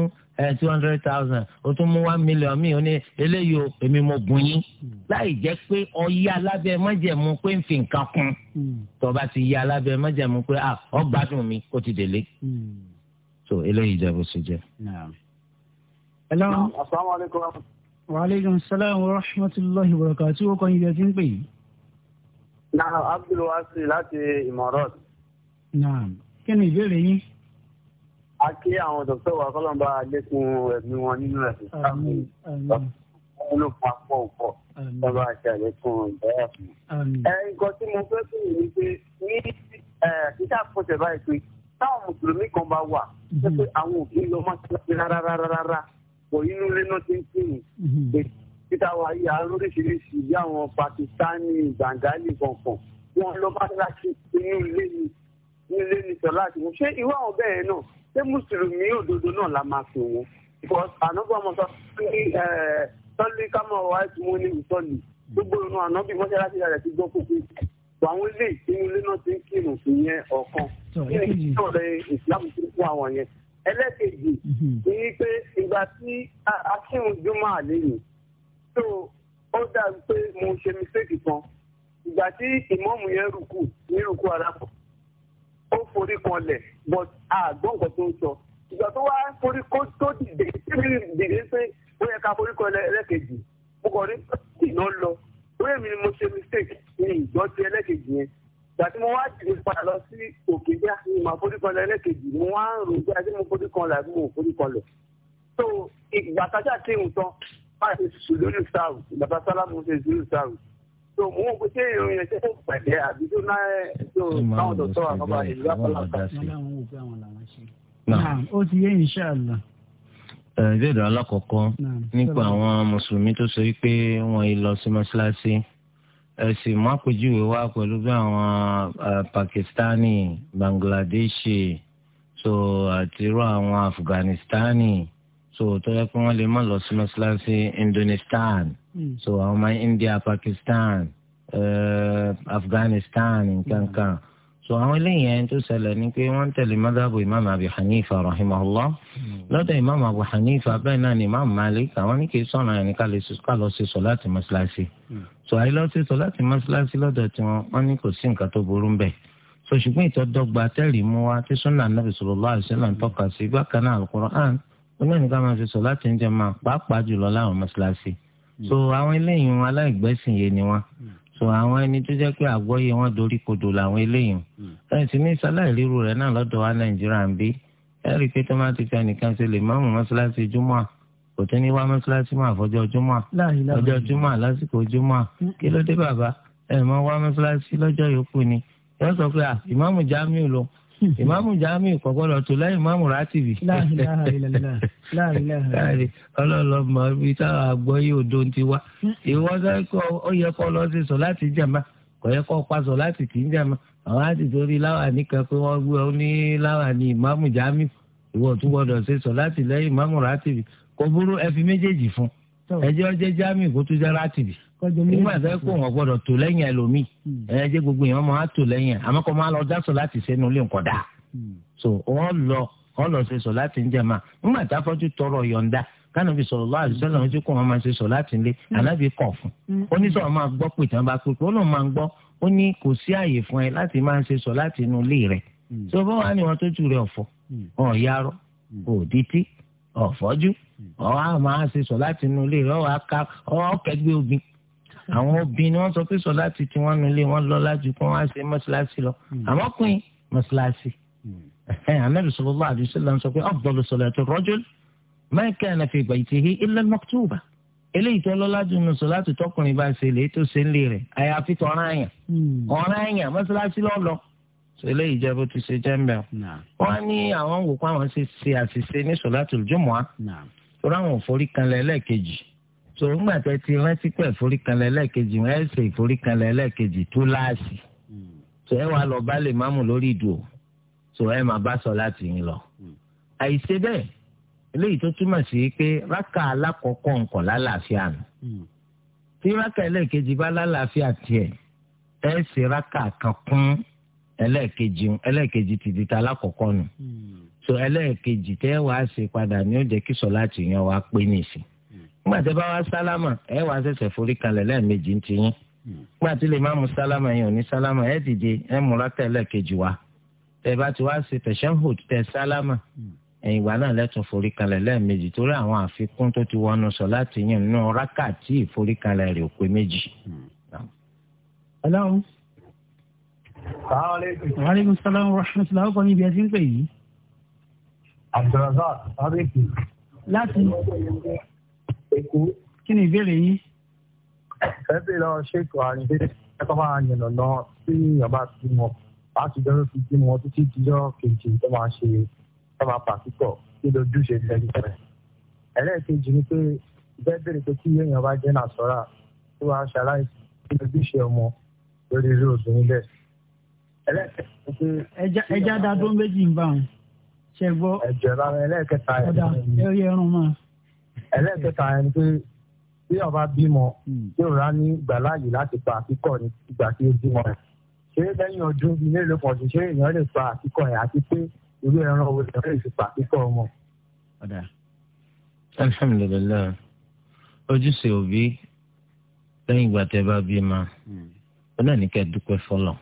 two hundred thousand o tún mú one million mi ò ní eléyìí o èmi mo bùn yín láì jẹ́ pé ọyá alábẹ́ májẹ̀mú pé ń fi nǹkan kún tọba ti yá alábẹ́ májẹ̀mú pé à ah, ọgbádùn mi kó ti délé so eléyìí
jẹ́ bó ṣe jẹ́. hello. asalaamualeykum. wa aleykum salaam wa rahmatulahi wa barakatuh o kàn yíyá tí ń pè yín. naam abdulwasi
láti imorod.
naam kí ni ìbéèrè yín
a kí àwọn dọ̀tọ̀ wa kọ́lọ́mbà lékún ẹ̀mí wọn nínú ẹ̀sìn sáfún ọ̀hún papọ̀ ọ̀pọ̀ lọ́ba àṣàlẹ̀ fún ìbára fún un. ẹ nǹkan tí mo fẹ́ fún yìí pé ní kíkà kọsẹ̀ báyìí pé táwọn mùsùlùmí kan bá wà mhm. ṣé pé àwọn òbí lọ máa ti láti rárá rárá rárá wọ inú ilé náà ti ń kírun mhm. títà wa yìí alóríṣiríṣi bí àwọn pakistani bengali kọ̀ọ̀kan wọn lọ máa láti inú ilé ni ilé ni sọ láti mú ṣé irú àwọn bẹ́ẹ̀ náà ṣé mùsùlùmí òdodo náà la máa fi wọn. because ànábì ọmọ sọ ní kámọ̀ wáyé tí mo ní ìsọ̀lì gbogbo inú ànábì mọ́ṣáláṣí rẹ̀ ti gbọ́ kókó àwọn ilé ìpinnu ilé náà ti ń kírun sí yẹn ọ̀kan ẹlẹ́kejì mhm. ni pé ìgbà tí akíhun júmọ́ àlè tó ó dàbí pé mo ṣe mistake kan ìgbà tí ìmọ̀ọ́mù yẹn rùkù ní rùkù arákùnrin ó forí kanlẹ̀ but àgbọ̀n nǹkan tó ń sọ ìgbà tó wá forí kó tó dìde tí mi dìde pé ó yẹ ká forí kanlẹ̀ ẹlẹ́kejì mo kàn rí iná lọ wíwé mi ni mo ṣe mistake ní ìjọ ti ẹlẹ́kejì yẹn ìgbà tí mo wá dìde padà lọ sí òkè bí àfihàn máa forí kanlẹ̀ ẹlẹ́kejì mo wá ń rò bí àti mo forí kanlẹ̀ àti mo forí kanlẹ̀ so ìgbà tájà kí n tán báyìí sùn lórí sáà ìgbà tá sálámù ṣe sùn lórí sáà so mo mọ̀ pé ṣé irun yẹn ṣe é pẹ̀lẹ́ àbí tó náà
tó táwọn tó tọ́ àwọn bá ìlú àpàlàkà. ó ti yé
inṣàlá.
ìbéèrè alákọ̀ọ́kọ́ nípa àwọn mùsùlùmí tó sọ pé wọ́n yìí lọ sí mọ́ṣáláṣí ẹ̀sìn mápèjúwe wá pẹ̀lú bí àwọn pakistani bangladeshi so àti irú àwọn afghanistani so tó yẹ kí wọ́n lè má lọ sí mọ́ṣáláṣí indonesia. Hmm. so àwọn ọmọ India Pakistan uh, Afghanistan nǹkan hmm. kan so àwọn eléyìí ẹni tó ṣẹlẹ̀ ni pé wọ́n ń tẹ̀lé madhabu imam Abu Hanifa rahimahullah hmm. lọ́dọ̀ imam Abu Hanifa bẹ́ẹ̀ náà ni imam Malik àwọn ní kì í sọ̀rọ̀ ẹni ká lè ká lọ sí sọ mọ́ṣáláṣí so àyè lọ sí sọ láti mọ́ṣáláṣí lọ́dọ̀ tiwọn wọ́n ní kò sí nǹkan tó burú bẹ́ẹ̀ so ṣùgbọ́n ìtọ́dọ́gba tẹ́lẹ̀ mú wa tí sunna anabi sallallahu alaihi wasallam tọ́ka sí bákan náà al-Qur'an ó ní ẹni ká máa fi sọ láti ń jẹ máa pàápàá jùlọ so àwọn eléyìí wọn aláìgbẹ́sìn yé ni wọn hmm. so àwọn ẹni tó jẹ́ pé àgbọ́yé wọn dorí kodò làwọn eléyìí hmm. ẹ̀ sì ní sáláì ríru rẹ̀ náà lọ́dọ̀ wa nàìjíríà ń bí ẹ̀ rí i pé tó máa ti fẹ́ nìkan ṣe lè máàmù mọ́ṣáláṣí júmọ́ kò tún ní wá mọ́ṣáláṣí mọ́ àfọ́jọ́ júmọ́ ọjọ́ júmọ́ lásìkò júmọ́ hmm. kí ló dé bàbá ẹ̀ mọ́ wá mọ́ṣáláṣí lọ́jọ́ yòókù ni yóò sọ pé ìmáàmù Jamiu ìmáàmù jamiu kò gbọ́dọ̀ tó lẹ́yìn ìmáàmù rátìbì. ọlọ́lọ́ mọ ibi táwọn àgbọ̀ yìí odò ti wá ìwọ sẹ́kọ̀ ó yẹ kó lọ sí sọ láti jàmbá kò yẹ kó pa sọ láti kì í jàmbá àwọn àti torí láwàní kan pé wọ́n gbé ọ ní láwàní ìmáàmù jamiu ìwọ tún gbọ́dọ̀ sí sọ láti lẹ́yìn ìmáàmù rátìbì kò burú ẹ méjèèjì fún ẹjẹ́ ọjẹ́ jamiu kó tún jẹ́ rátìbì
nígbà tó yẹ kó wọn
gbọ́dọ̀ tó lẹ́yìn ẹlòmíì hmm. ẹ jẹ gbogbo yẹn máa tó lẹ́yìn àmọ́ kó máa lọ dáṣọ láti sẹnu lè nkọ so wọn lọ wọn lọ ṣe sọ láti ń jẹ máa nígbà tá a fọjú tọrọ yọ̀ǹda kánàbì sallallahu alaihi wasallam ojú kó wọn máa ṣe sọ láti lé hmm. ànábì kọ̀ fún oníṣòwò hmm. máa gbọ́ pé ìtàn bá pé pé ó lóun máa ń gbọ́ ó ní kò sí àyè fún ẹ láti máa ṣe sọ láti inú ilé rẹ so bó wàá ní wọn tójú rẹ ọ̀fọ̀ ọ̀yarọ òdìtí ọ̀fọ́jú ọ̀ á máa ṣe sọ láti inú ilé rẹ ọ̀ á ká ọ̀ kẹgbẹ́ obìn àwọn obìnrin wọn sọ pé sọ láti tí wọn nulẹ wọn lọ láti kó wọn ṣe mọ́ṣáláṣí lọ hmm. àmọ́ pin mọ́ṣáláṣí anabi hmm. sallallahu alaihi wasallam sọ pé afdalu salati rajul ma kana fi baytihi illa al-maktuba eléyìí tó lọ́lá jù nù sọ̀láàtì tọkùnrin bá ṣe lè tó ṣe ń lè rẹ̀ àyàfi tọ̀rọ̀ àyàn
hmm. ọ̀rọ̀
àyàn mọ́ṣáláṣí lọ́lọ́ eléyìí jẹ́ bó ti ṣe jẹ́ ń bẹ̀ ní àwọn wò pé àwọn ṣe ṣe àṣìṣe ní sọ̀láàtì jùmọ̀ á tó ráwọn òforí kan lẹ́ẹ̀kejì sòrò ńgbà tẹ ti rántí pé ìforíkanlẹ̀ lẹ́ẹ̀kejì wọn ẹ ṣe ìforíkanlẹ̀ lẹ́ẹ̀kejì tó láàṣì tó ẹ wàá lọ bá lè máàmù lórí ìdùn tó ẹ máa bá sọ láti yín lọ. àìṣe bẹ́ẹ̀ eléyìí tó túmọ̀ sí pé rákà alákọ̀ọ́kọ́ nǹkan lálàáfíà nù. tí rákà ẹlẹ́ẹ̀kejì bá lálàáfíà tiẹ̀ ẹ ṣe rákà kan kún ẹlẹ́ẹ̀kejì ẹlẹ́ẹ̀kejì ti di ta alákọ̀ọ́kọ́ nù. tó ẹlẹ́ẹ̀kejì tẹ́ wàá ṣe padà ní ó jẹ́ kí sọ láti yín wàá pé nìsín nígbà tí ẹ bá wá sálámà ẹ wá ṣẹ̀ṣẹ̀ forí kalẹ̀ lẹ́ẹ̀mejì ń tiyín nígbà tí lè má mu sálámà yẹn ò ní sálámà ẹ dìde ẹ múra tẹ́lẹ̀ kejì wa tẹ́ bá ti wá ṣe tẹ̀sánhùd tẹ́ sálámà ẹ̀yìn ìgbà náà lẹ́tún forí kalẹ̀ lẹ́ẹ̀mejì torí àwọn àfikún tó ti wọnú sọ láti yàn nínú rákàtí ìforí kalẹ̀ rẹ̀ ò pé méjì. ọlọ́run.
sàlámù aleykum sàlámù rahmatulah ọkọ níbi ẹtí ń pè yìí.
àbdulrasaq
ọdún ìpè.
láti èkó. kí ni ìbéèrè yín.
ẹ bèèrè lọ ṣètò àárín pé ẹ kọ́ máa yànnà lọ sí ìyàbá tí wọn bá ti dọ́rọ́ fi tí wọn títí díjọ́ kejì tó máa ṣe tó máa pàṣípọ̀ kí lójú ṣe lẹ́yìn rẹ̀. ẹlẹ́ẹ̀kejì ni pé ìfẹ́ bèèrè pé kí èèyàn bá jẹ́ nàṣọ́ra tó wàá ṣaláìsí kí lójú ṣe ọmọ lórí irú obìnrin bẹ́ẹ̀. ẹlẹ́ẹ̀kejì ni pé. ẹja dá tó
méjì ń bá wọn
ṣẹ gbọ́. ẹ̀jẹ̀ bá ẹlẹ́ẹ̀kẹta ẹ̀ ẹlẹ́ẹ̀kẹta ẹni pé bí ọba bímọ yóò hmm. rà ní ìgbàláàyè láti pa àkíkọ ní ìgbà tí ó bímọ rẹ̀ ṣé lẹ́yìn ọdún bíi mélòó kan ṣe ṣé èèyàn lè pa àkíkọ ẹ̀ àti pé irú ẹran wo lè rẹ̀ fi pa àkíkọ ọmọ.
alhamdulilayi ojúṣe òbí lẹ́yìn ìgbà tẹ́ bá bímọ ó náà ní kẹ́ dúpẹ́ fọlọ́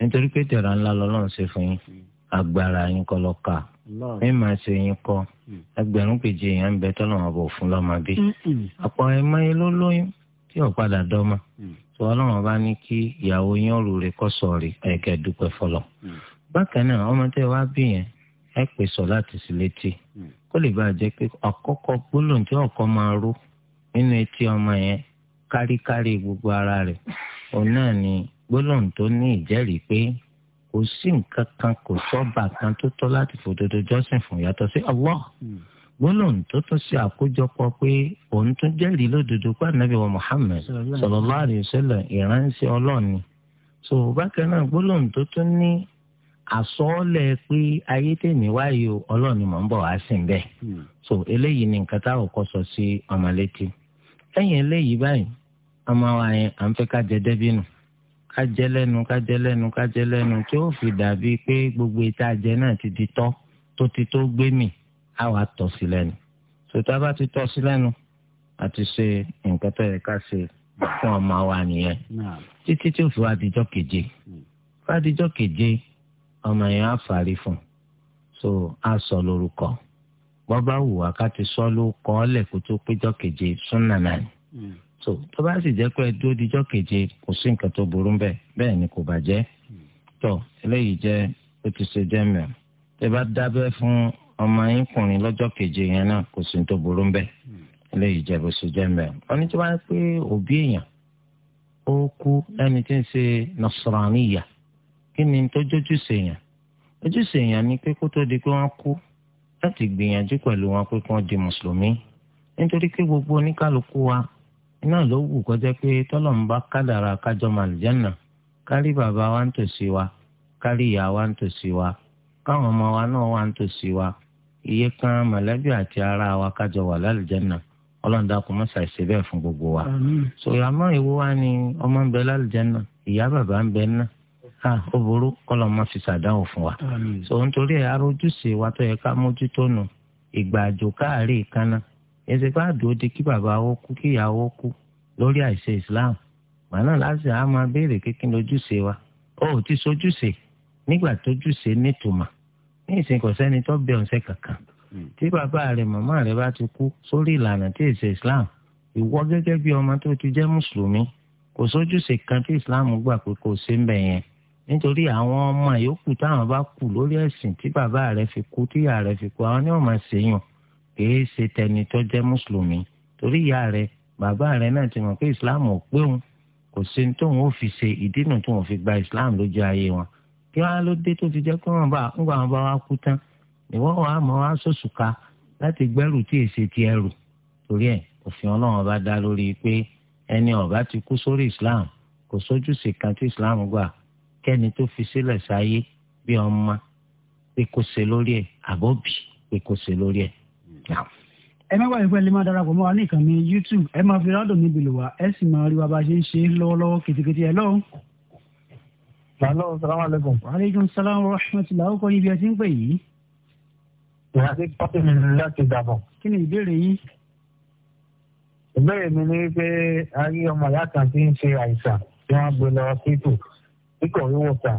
nítorí pé tẹ̀ra ńlá lọ́lọ́run ṣe fún yín hmm. agbára yín kọ́ ẹ máa ṣe yín kọ hmm. ẹgbẹ̀rún péjì èèyàn ń bẹ tọ́lọ́wọ́n bò fún bí hmm, hmm. ọ̀pọ̀ yẹn ló lóyún tí ò padà dọ́mọ tó bá ní kí ìyàwó yín ọ̀rù rẹ̀ kọ́ sọ̀rí dúpẹ́ bákan náà bí sọ láti sí létí kó lè bá pé ọkọ máa ró nínú etí ọmọ yẹn gbogbo ara òun náà ni gbólóhùn tó ní ìjẹ́rìí pé kò sí nǹkan kan kò sọ́ba kan tó tọ́ láti fòdodo jọ́sìn fún yàtọ̀ sí Allah hmm. gbólóhùn tó tún ṣe àkójọpọ̀ pé òun tún jẹ́rìí lódodo pé ànábì wa Muhammad sallallahu alaihi ìránṣẹ́ ọlọ́ọ̀ni so bákan náà gbólóhùn tó tún ní àsọọ́lẹ̀ pé ayé tèmi wáyé o ọlọ́ọ̀ni mọ̀ ń bọ̀ wá sí hmm. so eléyìí ni nǹkan táwọn kọ́ sọ sí ọmọlétí lẹ́yìn eléyìí báyìí ọmọ wa yẹn à ń kájẹlẹ́nu kájẹlẹ́nu kájẹlẹ́nu tí ó fi dàbí pé gbogbo ìta jẹ náà ti di tọ́ tó ti tó gbé mì á wàá tọ̀ sí lẹ́nu sòtá bá ti tọ́ sí lẹ́nu àti ṣe nǹkan tó yẹ ká ṣe fún ọmọ wa nìyẹn títí tí ó fi wá dijọ́ keje hmm. wá dijọ́ keje ọmọ yẹn á fàárí fún so á sọ lórúkọ bọ́ bá wù wá ká ti sọ ló kọ́ ọ́ lẹ̀ kó tó péjọ́ keje súnà náà ni. Hmm so tó bá sì jẹ́ pé tó dijọ́ keje kò sí nǹkan tó burú bẹ́ẹ̀ bẹ́ẹ̀ ni kò bàjẹ́ tó eléyìí jẹ́ ó ti ṣe jẹ́ mìíràn tẹ́ bá dábẹ́ fún ọmọ yín kùnrin lọ́jọ́ keje yẹn náà kò sí tó burú bẹ́ẹ̀ eléyìí jẹ́ bó ṣe jẹ́ mìíràn wọ́n ní tó bá pé òbí èèyàn ó kú ẹni tí ń ṣe nasraniya kí ni tó jójú sèèyàn ojúṣe èèyàn ni pé kó tó di pé wọ́n kú láti gbìyànjú pẹ̀lú wọn pé kí wọ́n di mùsùlùmí nítorí pé gbogbo oníkálukú wa iná ló wù kọjá pé tọ́lọ̀ ń bá kádàrà kájọ màlìjánà kárí bàbá wa ń tòsí wa kárí ìyá wa ń tòsí wa káwọn ọmọ wa náà wà ń tòsí wa iye kan mọ̀lẹ́bí àti ara wa kájọ wà lálìjánà ọlọ́run dákun mọ́sà ṣe bẹ́ẹ̀ fún gbogbo wa. sòyà mọ́ ìwo wa ni ọmọ ń bẹ lálìjánà ìyá bàbá ń bẹ náà ah ó burú kọ́lọ̀ mọ́ fi ṣàdánwò fún wa. sòun torí ẹ̀ arójúṣe wa tó yẹ ká mójútó nù ìgbà àjò káàárẹ̀ ìkànnà èsì bá dúró de kí bàbá wọ́n kú kí ìyá kú lórí àìṣe islam màánà láti á máa béèrè kékin lójúṣe wa ó ò ti sojúṣe nígbà tójúṣe nítumà ní ìsìn kò sẹ́ni tó bẹ ọ̀sẹ̀ kankan hmm. tí bàbá rẹ̀ màmá rẹ̀ bá ti kú sórí ìlànà tí èsì islam ìwọ gẹ́gẹ́ bí ọmọ tó ti jẹ́ mùsùlùmí kò sójúṣe kan tí islam gbà pé kò sí ń bẹ̀ yẹn nítorí àwọn ọmọ yòókù táwọn bá kù lórí ẹ̀sìn tí bàbá rẹ̀ fi kú tíyà rẹ̀ fi kú àwọn ni wọ́n máa ṣèyàn kìí ṣe tẹni tó jẹ́ mùsùlùmí torí ìyá rẹ̀ bàbá rẹ̀ náà ti mọ̀ pé islam ò pé òun kò sí ní tóun ó fi ṣe ìdínà tó wọn fi gba islam lójú ayé wọn kí wọn ló dé tó ti jẹ́ pé wọn bá ńgbà wọn bá wá kú tán ìwọ wàá mọ wá sòṣùkà láti gbẹ́rù tí èsì ti ẹrù torí ẹ̀ òfin Ọlọ́run bá dá lórí pé ẹni ọba ti kú sórí islam kò sójúṣe kan tí islam gbà kẹ́ni tó fi sílẹ̀ sáyé bí ọmọ pé kò ṣe lórí ẹ̀ àbọ̀bì pé kò ṣe lórí ẹ̀
ẹ má gbàgbé pẹ́ẹ́lí máa darapọ̀ mọ́ wa ní ìkànnì youtube ẹ máa fi rádùn níbi lò wá ẹ sì máa rí wa bá a ṣe ń ṣe lọ́wọ́lọ́wọ́ kìtìkìtì ẹ̀ lọ́wọ́. alo salamu aleykum. aleykum salaam wa rahmatulah o kò ní ibi ẹ ti ń pè yìí. ìwádìí pàṣẹ mi láti dàbọ̀. kí ni ìbéèrè yín. ìbéèrè mi ni pé a
rí ọmọ ìyá kan tí ń ṣe àìsàn tí wọ́n gbé lọ sí tù tí kò rí wòsàn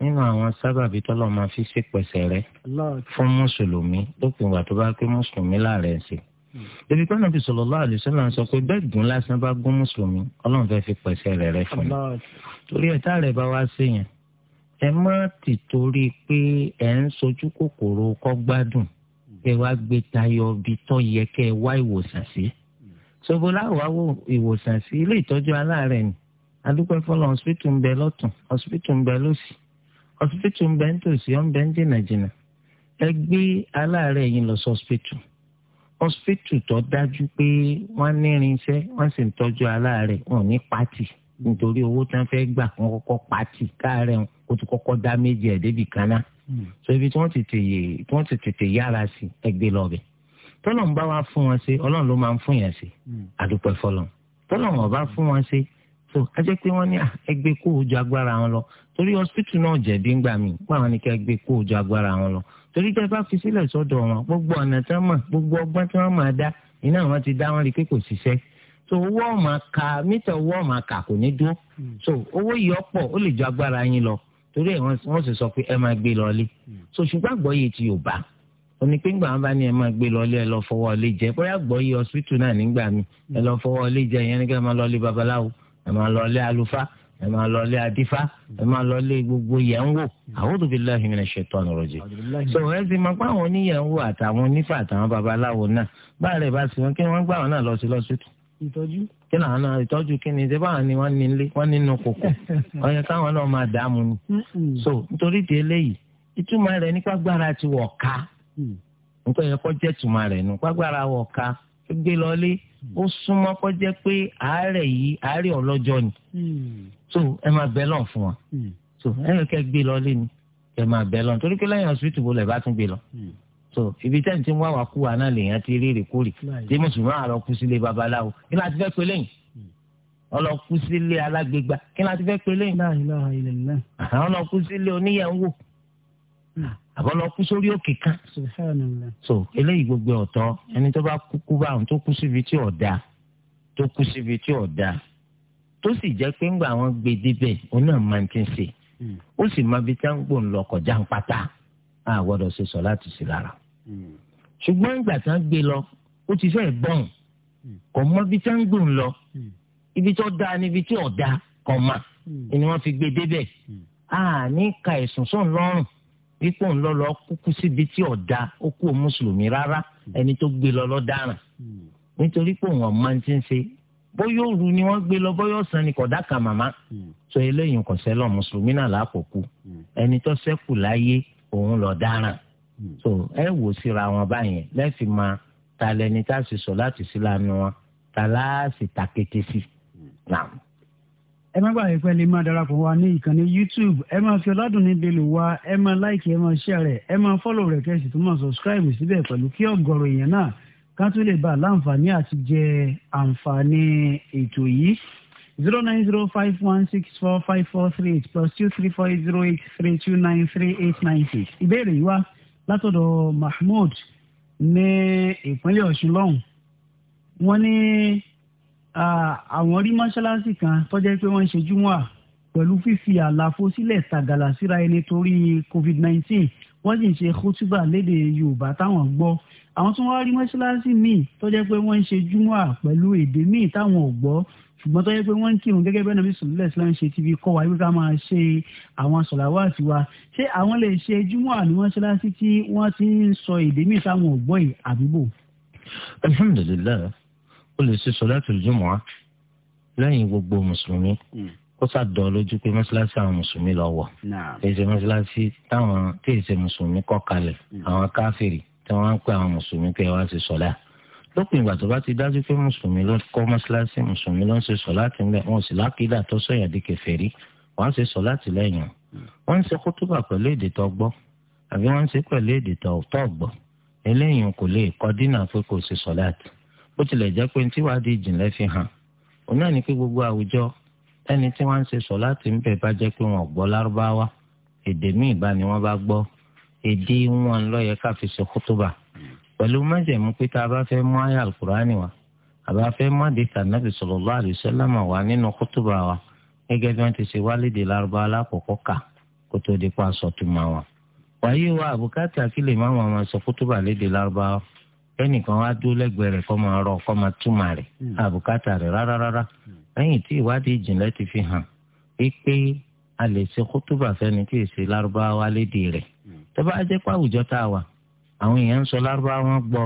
nínú àwọn sábàbí tọ́lọ̀ máa fi ṣèpẹ̀sẹ̀ rẹ fún mùsùlùmí lópin ìgbà tó bá pé mùsùlùmí láàrẹ̀ ṣe. ebi pé nàbì sallallahu alaihi wasallam sọ pé bẹ́ẹ̀ gún lásán bá gún mùsùlùmí ọlọ́run fẹ́ fi pẹ̀sẹ̀ rẹ̀ rẹ fún un. torí ẹ̀ tá rẹ̀ bá wá sí yẹn ẹ má ti torí pé ẹ̀ ń sojú kòkòrò kọ́ gbádùn wá gbé tayọ bí tọ́ yẹ kẹ́ wá ìwòsàn sí. sobola ọsibítù ń bẹ ń tòsí ọ ń bẹ ń dènà jìnnà ẹ gbé aláàárẹ̀ yín lọ sọsibítù ọsibítù tó dájú pé wọ́n ní irinṣẹ́ wọ́n sì ń tọ́jú aláàárẹ̀ wọn ní pátì nítorí owó tí wọ́n fẹ́ẹ́ gbà wọ́n kọ́kọ́ pátì káàárẹ̀ wọn kó tó kọ́kọ́ dá méjì ẹ débi kan náà hmm. so ibi tí wọ́n ti tètè tí wọ́n ti tètè yára sí ẹ gbé lọ bẹ tọ́lọ́run bá wá fún wọn ṣe ọlọ́run ló máa ń fún yẹn ṣe àdúpẹ́ hmm. fọ́lọ́run tọ́lọ́run fún wọn ṣe so a jẹ́ pé wọ́n ní ah, ẹgbẹ́ kó o jọ agbára wọn lọ torí hospital náà jẹ̀bi ńgbà mí pé àwọn ní kí ẹgbẹ́ kó o jọ agbára wọn lọ torí tẹ́ bá fi sílẹ̀ sọ́dọ̀ wọn gbogbo ọ̀nà tí wọ́n mọ̀ gbogbo ọgbọ́n tí wọ́n máa dá iná wọn ti dá wọn rí pé kò ṣiṣẹ́ so owó ọ̀ma ka mítà owó ọ̀ma kà kò ní dúró hmm. so owó yìí ọ̀pọ̀ ó lè jọ agbára yín lọ torí ẹ̀ wọ́n sì sọ pé ẹ máa gbé lọlé hmm. so ṣùgbọ́n àgbọ̀yé ti Yorùbá onípéǹgbà wọn bá ní ẹ máa gbé lọlé ẹ lọ fọwọ́ ọlé jẹ bóyá àgbọ̀yé hospital náà nígbà mi ẹ lọ fọwọ́ ọlé jẹ ìyẹn nígbà máa lọlé babaláwo ẹ máa lọ lé àlùfáà ẹ máa lọ lé ẹ máa lọ lé gbogbo yẹnwò a'udhu billahi minash shaitani so ẹ ti máa pa àwọn oníyẹnwò àtàwọn onífà àtàwọn babaláwo náà bá rẹ bá sí nwoke kí wọn gbà wọn náà lọ sí lọsítù. ìtọ́jú. kí ni náà ìtọ́jú ni ìjọba àwọn ni wọ́n koko. wọ́n nínú kòkó damunu. so nítorí ti eléyìí ìtumọ̀ ó súnmọ́ kó jẹ́ pé àárẹ̀ yìí àárẹ̀ ọlọ́jọ́ ni hmm. so ẹ máa bẹ́ lọ́n fún wa hmm. so ẹnì kẹ́ gbé lọ lé ni ẹ máa bẹ́ lọ́n torí pé lẹ́yìn ọ̀sìtì wo lẹ̀ bá tún gbé lọ hmm. so ibi tẹ́ni tí ń wá wá kú wa náà lèèyàn ti rí rèkórè tí mùsùlùmí àlọ́ kú sílé babaláwo kí láti fẹ́ pé lẹ́yìn ọlọ́kú sílé alágbègbà kí láti fẹ́ pé lẹ́yìn ọlọ́kú sílé oníyàwó àbọ̀lọ́ kú sórí òkè kan. so eléyìí gbogbo ọ̀tọ̀ ẹni tó bá kúkú bá àwọn tó kú síbi tí ọ̀dà tó kú síbi tí ọ̀dà tó sì jẹ́ pé ńgbà wọn gbé débẹ̀ òun náà máa ti ń ṣe hmm. ó sì máa bi táǹgbò ń lọ kọjá ń pátá a gbọ́dọ̀ ṣe sọ láti sí lára. Hmm. ṣùgbọ́n ìgbà tá ń gbé lọ ó ti fẹ́ bọ́ọ̀n hmm. kò mọ bí táǹgbò ń lọ ibi tó dáa níbi tí ọ̀dà kọ̀ mà ni wọ́n fi gbé débẹ̀ a ní ka ẹ̀sùn sóun lọ́rùn wípé òun lọ lọ kúkú síbi tí ọ̀dà ó kú mùsùlùmí rárá ẹni tó gbé lọ lọ́daràn nítorí pé òun ọ̀ma ti ń ṣe bóyá òru ni wọ́n gbé lọ bóyá ọ̀sán ni kódà kan màmá sọ eléyìí kò sẹ́lọ̀ mùsùlùmí náà lákòókò ẹni tó ṣẹ́kù láyé òun lọ dáràn so ẹ wò síra wọn báyẹn lẹ́sìn máa ta lẹni tá a sì sọ láti sí lánàá wọn ta láà ta kété sí. Naam
ẹ má gbàgbé pé lè máa darapọ̀ wa ní ìkànnì youtube ẹ máa fi ọ̀làdùnní délé wa ẹ máa láìkì ẹ máa share rẹ̀ ẹ máa fọ́lọ̀ rẹ̀ kẹ́sì tó máa subscribe síbẹ̀ pẹ̀lú kí ọ̀gọ̀rọ̀ èèyàn náà ká tó lè bá láǹfààní àti jẹ àǹfààní ètò yìí zero nine zero five one six four five four three eight plus two three four eight zero eight three two nine three eight nine six ìbéèrè yìí wá látọ̀dọ̀ mahmood ní ìpínlẹ̀ ọ̀ṣun lọ́hùn wọ́n ní àwọn rí mọ́ṣáláṣí kan tó jẹ́ pé wọ́n ń ṣe júmọ́à pẹ̀lú fífi àlàfo sílẹ̀ tàgàlà síra ẹni torí covid-19 wọ́n sì ń ṣe kútúbà lédè yorùbá táwọn gbọ́ àwọn tí wọ́n rí mọ́ṣáláṣí míì tó jẹ́ pé wọ́n ń ṣe júmọ́à pẹ̀lú èdè míì táwọn ò gbọ́ ṣùgbọ́n tó yẹ pé wọ́n ń kírun gẹ́gẹ́ bẹ́ẹ̀ nàbí sùlùlẹ̀ islam ṣe ti fi kọ́ wa wípé ká máa ṣe àwọn sọ̀làwà tiwa ṣé àwọn lè ṣe júmọ́ àní mọ́ṣáláṣí tí wọ́n ti ń sọ èdè míì táwọn ò gbọ́ yìí àbíbò.
alhamdulilayi ó lè ṣe sọ̀láàtù jùmọ̀á lẹ́yìn gbogbo mùsùlùmí hmm. ó ṣàdọ̀ lójú pé mọ́ṣáláṣí àwọn mùsùlùmí lọ wọ̀ èsì mọ́ṣáláṣí táwọn tí èsì mùsùlùmí kọ́ kalẹ̀ hmm. àwọn káfìrì tí wọ́n ń pè àwọn mùsùlùmí pé wá ṣe sọ̀lá lópin ìgbà tó bá ti dájú pé mùsùlùmí ló kọ́ mọ́ṣáláṣí mùsùlùmí ló ń ṣe sọ̀láàtì ńbẹ wọn sì lákìdá tó sọ̀yàn di kèfèrí wọ́n ń ṣe sọ̀láàtì lẹ́yìn hmm. wọ́n ń ṣe kótóbà pẹ̀lú èdè tó gbọ́ àbí wọ́n ń ṣe pẹ̀lú èdè tó gbọ́ eléyìí kò lè kọ́ dínà pé kò ṣe sọ̀láàtì ó tilẹ̀ jẹ́ pé tí wàá di ìjìnlẹ̀ fi hàn òun náà ní pé gbogbo àwùjọ ẹni tí wọ́n ń ṣe sọ láti ń bẹ̀ bá jẹ́ pé wọn gbọ́ lárúbáwá èdè míì bá ni wọ́n bá gbọ́ èdè wọn lọ́yẹ ká ṣe kútúbà pẹ̀lú májẹ̀mú pé tá a bá fẹ́ mú àyà alukur'ani wa a bá fẹ́ mú àdìsá nàbì sallallahu alaihi wasallam wa nínú kútúbà wa gẹ́gẹ́ bí wọ́n ti ṣe wálídìí lárúbáwá lákòókò ká kó tó di pa sọ̀túnmá wa. wàyí wa àbùkátà kí lè má wọn máa sọ kútúbà lédè lárúbáwá kẹ́nìkan wá dúró lẹ́gbẹ̀ẹ́ rẹ̀ kọ́ máa rọ kọ́ máa túmọ̀ rẹ̀ hmm. àbùkátà rẹ̀ rárá rárá hmm. lẹ́yìn tí ìwádìí ìjìnlẹ̀ ti fi hàn pé a lè ṣe kótóbà fẹ́ni tí èsì lárúbáwá lédè rẹ̀ hmm. tó bá jẹ́ pé àwùjọ tá a wà àwọn èèyàn ń sọ lárúbáwá gbọ́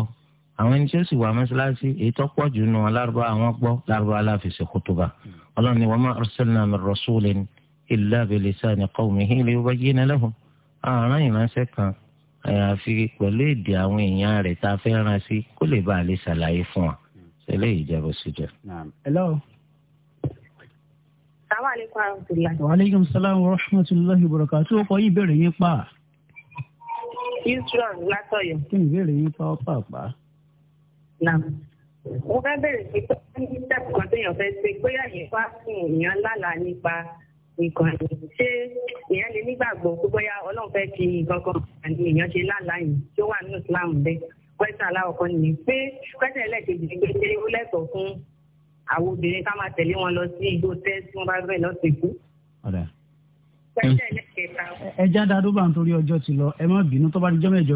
àwọn ẹni tí ó sì wà mọ́ṣáláṣí èyí tó pọ̀ jù nù lárúbáwá wọn gbọ́ lárúbáwá la fi ṣe kótóbà ọlọ́run ni wa àyàfi pẹ̀lú èdè àwọn èèyàn rẹ̀ tá a fẹ́ rán sí kó lè bá a lè ṣàlàyé fún wa ṣẹlẹ̀ ìjẹ́bù sí jẹ́.
wa aleykum salaam wa rahmatulahi wa barakatuh ó kọ yí ìbéèrè yín pa. israel látọ̀yọ̀. kí ni ìbéèrè yín pa ọ́ pàápàá.
mo fẹ́ bẹ̀rẹ̀ sí pé wọ́n ní sẹ́kù kan téèyàn fẹ́ ṣe bóyá yẹn wá fún èèyàn lálàá nípa nǹkan ẹ̀yìn ṣé èèyàn lè nígbàgbọ́ pé bóyá ọlọ́run fẹ́ fi nǹkan kan àti èèyàn ṣe lálàá yìí tí ó wà nínú Islam bẹ́ẹ̀ pẹ́sẹ̀ aláwọ̀kan nìyẹn pé pẹ́sẹ̀ ẹlẹ́kejì ni pé ó lẹ́tọ̀ọ́ fún àwọn obìnrin ká máa tẹ̀lé wọn lọ sí igbó tẹ́ tí wọ́n bá bẹ̀
lọ́sẹ̀ kú. pẹ́sẹ̀ ẹlẹ́kẹta. ẹ já dáadó bá ń torí ọjọ́ ti lọ ẹ má bínú tó bá di jọ́mọ̀ ẹni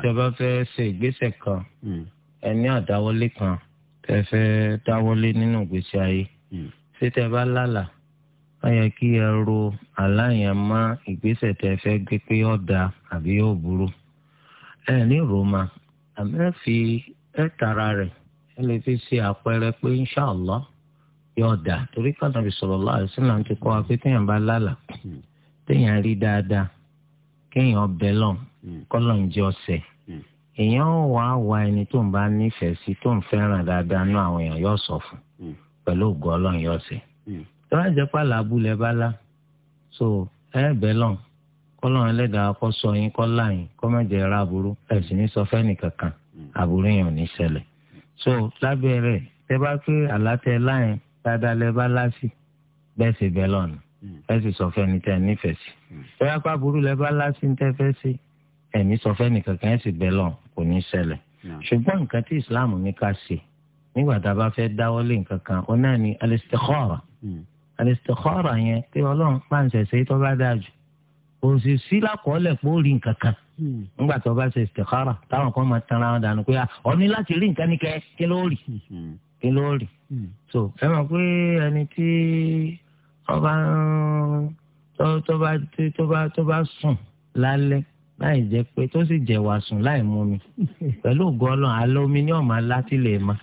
tí a bá fẹ́ ṣe ìgbésẹ̀ kan hmm. ẹni àdáwọlé kan tẹ fẹ́ dáwọ́lé nínú ìgbésí ayé hmm. ṣé tẹ bá lálà ó yẹ kí ẹ ro aláìyàn má ìgbésẹ tẹ fẹ́ gbé pé ó da àbí ó burú ẹ ní roma àmì ẹ fi ẹ tara rẹ ẹ lè fi ṣe àpẹẹrẹ pé inṣàlá yóò da torí kọ́ńtà bí sallallahu alaihi wasallam ti kọ́ wa pé téèyàn bá lálà hmm. téèyàn rí dáadáa kéèyàn bẹ́lọ̀ hmm. kọ́lọ̀ ń jẹ́ ọ̀sẹ̀. èèyàn ò wá wá ẹni tó ń bá nífẹ̀ẹ́ sí tó ń fẹ́ràn dáadáa nú àwọn èèyàn yóò sọ fún hmm. pẹ̀lú ògùn ọlọ́run yóò ṣe. Hmm. tó jẹ́ pàlà abúlé bá so ẹ bẹ́ẹ̀ lọ́n kọ́lọ́run ẹlẹ́dàá kọ́ sọ yín kọ́ láyìn kọ́ má jẹ́ ra aburú ẹ̀ sì ní sọ fẹ́ni kankan aburú hmm. yẹn ò ní ṣẹlẹ̀. so lábẹ́ rẹ̀ tẹ bá pé àlátẹ láyìn dáadáa lẹ bá lásì bẹ́ẹ̀ sì bẹ́ẹ̀ lọ́nà ẹ sì sọ fẹ́ni tẹ nífẹ̀ẹ́ sí. tọ́yá pàbùrù lẹ bá lásì ẹ kò ní ṣẹlẹ̀ ṣùgbọ́n nǹkan tí islam ní ká ṣe nígbà tá a bá fẹ́ dáwọ́lé nǹkan kan ó náà ní alistikhara hmm. alistikhara yẹn pé ọlọ́run pàǹsẹ̀ ṣe tó bá dáa jù kò sì sí lákọọ́lẹ̀ pé ó rí nǹkan kan hmm. nígbà tó bá ṣe istikhara táwọn kan máa tanra wọn dànù pé ọ ní láti rí nǹkan ní kẹ́ kí ló rí hmm. kí ló rí so ẹ mọ̀ pé ẹni tí ọba tó bá sùn lálẹ́ láì jẹ́ pé tó sì jẹ wá sùn láì mú mi pẹ̀lú ògo Ọlọ́run omi ní ọmọ aláti lè ma.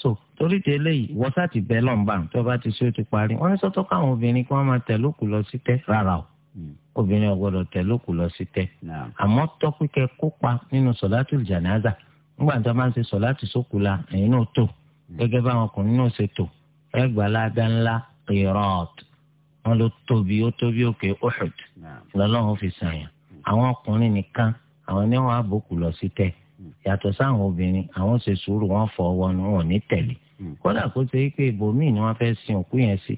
so torí ti eléyìí wọ́sà ti bẹ́ lọ́nba tó bá ti ṣe ó ti parí wọ́n ní sọ́tọ́ káwọn obìnrin kí wọ́n máa tẹ̀ lókù lọ sí tẹ́ rárá o hmm. obìnrin ò gbọ́dọ̀ tẹ̀ lókù lọ sí tẹ́ àmọ́ tọ́ pípẹ́ kópa nínú sọ̀látù jànáza nígbà tó máa ń ṣe sọ̀látù sókùlà ẹ̀yin náà tò hmm. gẹ́gẹ́ báwọn ọkùnrin náà ṣe tò ẹgbàládá ńlá àwọn ọkùnrin nìkan àwọn ni wọn àbòkù lọ sí tẹ hmm. yàtọ̀ sáwọn obìnrin àwọn ṣe sùúrù wọn fọ ọwọ́ ni wọn ò ní tẹ̀lé hmm. kódà kó ṣe pé ibòmíì ni wọn fẹ́ẹ́ sin òkú yẹn sí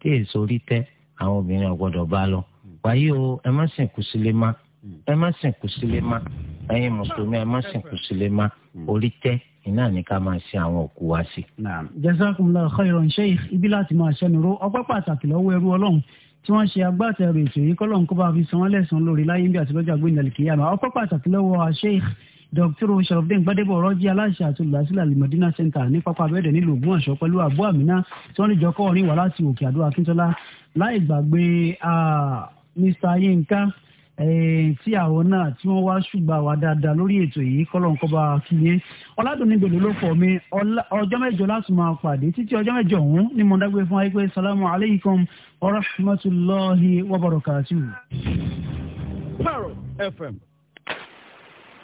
tí èso rí tẹ àwọn obìnrin ọgbọ́dọ̀ bá lọ hmm. wáyé o ẹ má sìnkú sílé má ẹ má sìnkú sílé má ẹ̀yin mùsùlùmí ẹ má sìnkú sílé má orí tẹ iná ní ká máa ṣe àwọn òkú wa sí.
jazakumullahu khairan sheikh ibi láti máa ṣẹnuró ọpẹ́ pàtàkì lọ́wọ́ ẹrú Ọlọ́run tí wọ́n ṣe agbátẹrù ètò yìí kọ́lọ́n kó bá fi san wọ́n lẹ́sàn-án lórí láyé bí àtìlọ́jọ́ àgbéyìn àlìkìyàmá ọkọ̀ pàtàkì lọ́wọ́ Sheikh Dr. sharafdin gbadebo rọjí aláṣẹ àti olùdásílẹ̀ alimọdínà center ní pápá abẹ́ẹ̀dẹ̀ nílùú Ògbómọ̀ṣọ́ pẹ̀lú àbú àmínà tí wọ́n níjọ kọ́ orin wà láti òkè àdó akíntọ́lá láì gbàgbé ah, Mr. Yinka tí àwọn náà tí wọ́n wá ṣùgbọ́n wa dáadáa lórí ètò yìí kọ́lọ́n kọ́ bá a kíyè ọ̀làdùnní gbèlú ló fọ̀ mi ọjọ́ mẹ́jọ láti máa pàdé títí ọjọ́ mẹ́jọ ọ̀hún ni mo dágbé fún wa pé salamu aleykum wa rahmatulahi wa barakatuhu. Parrot FM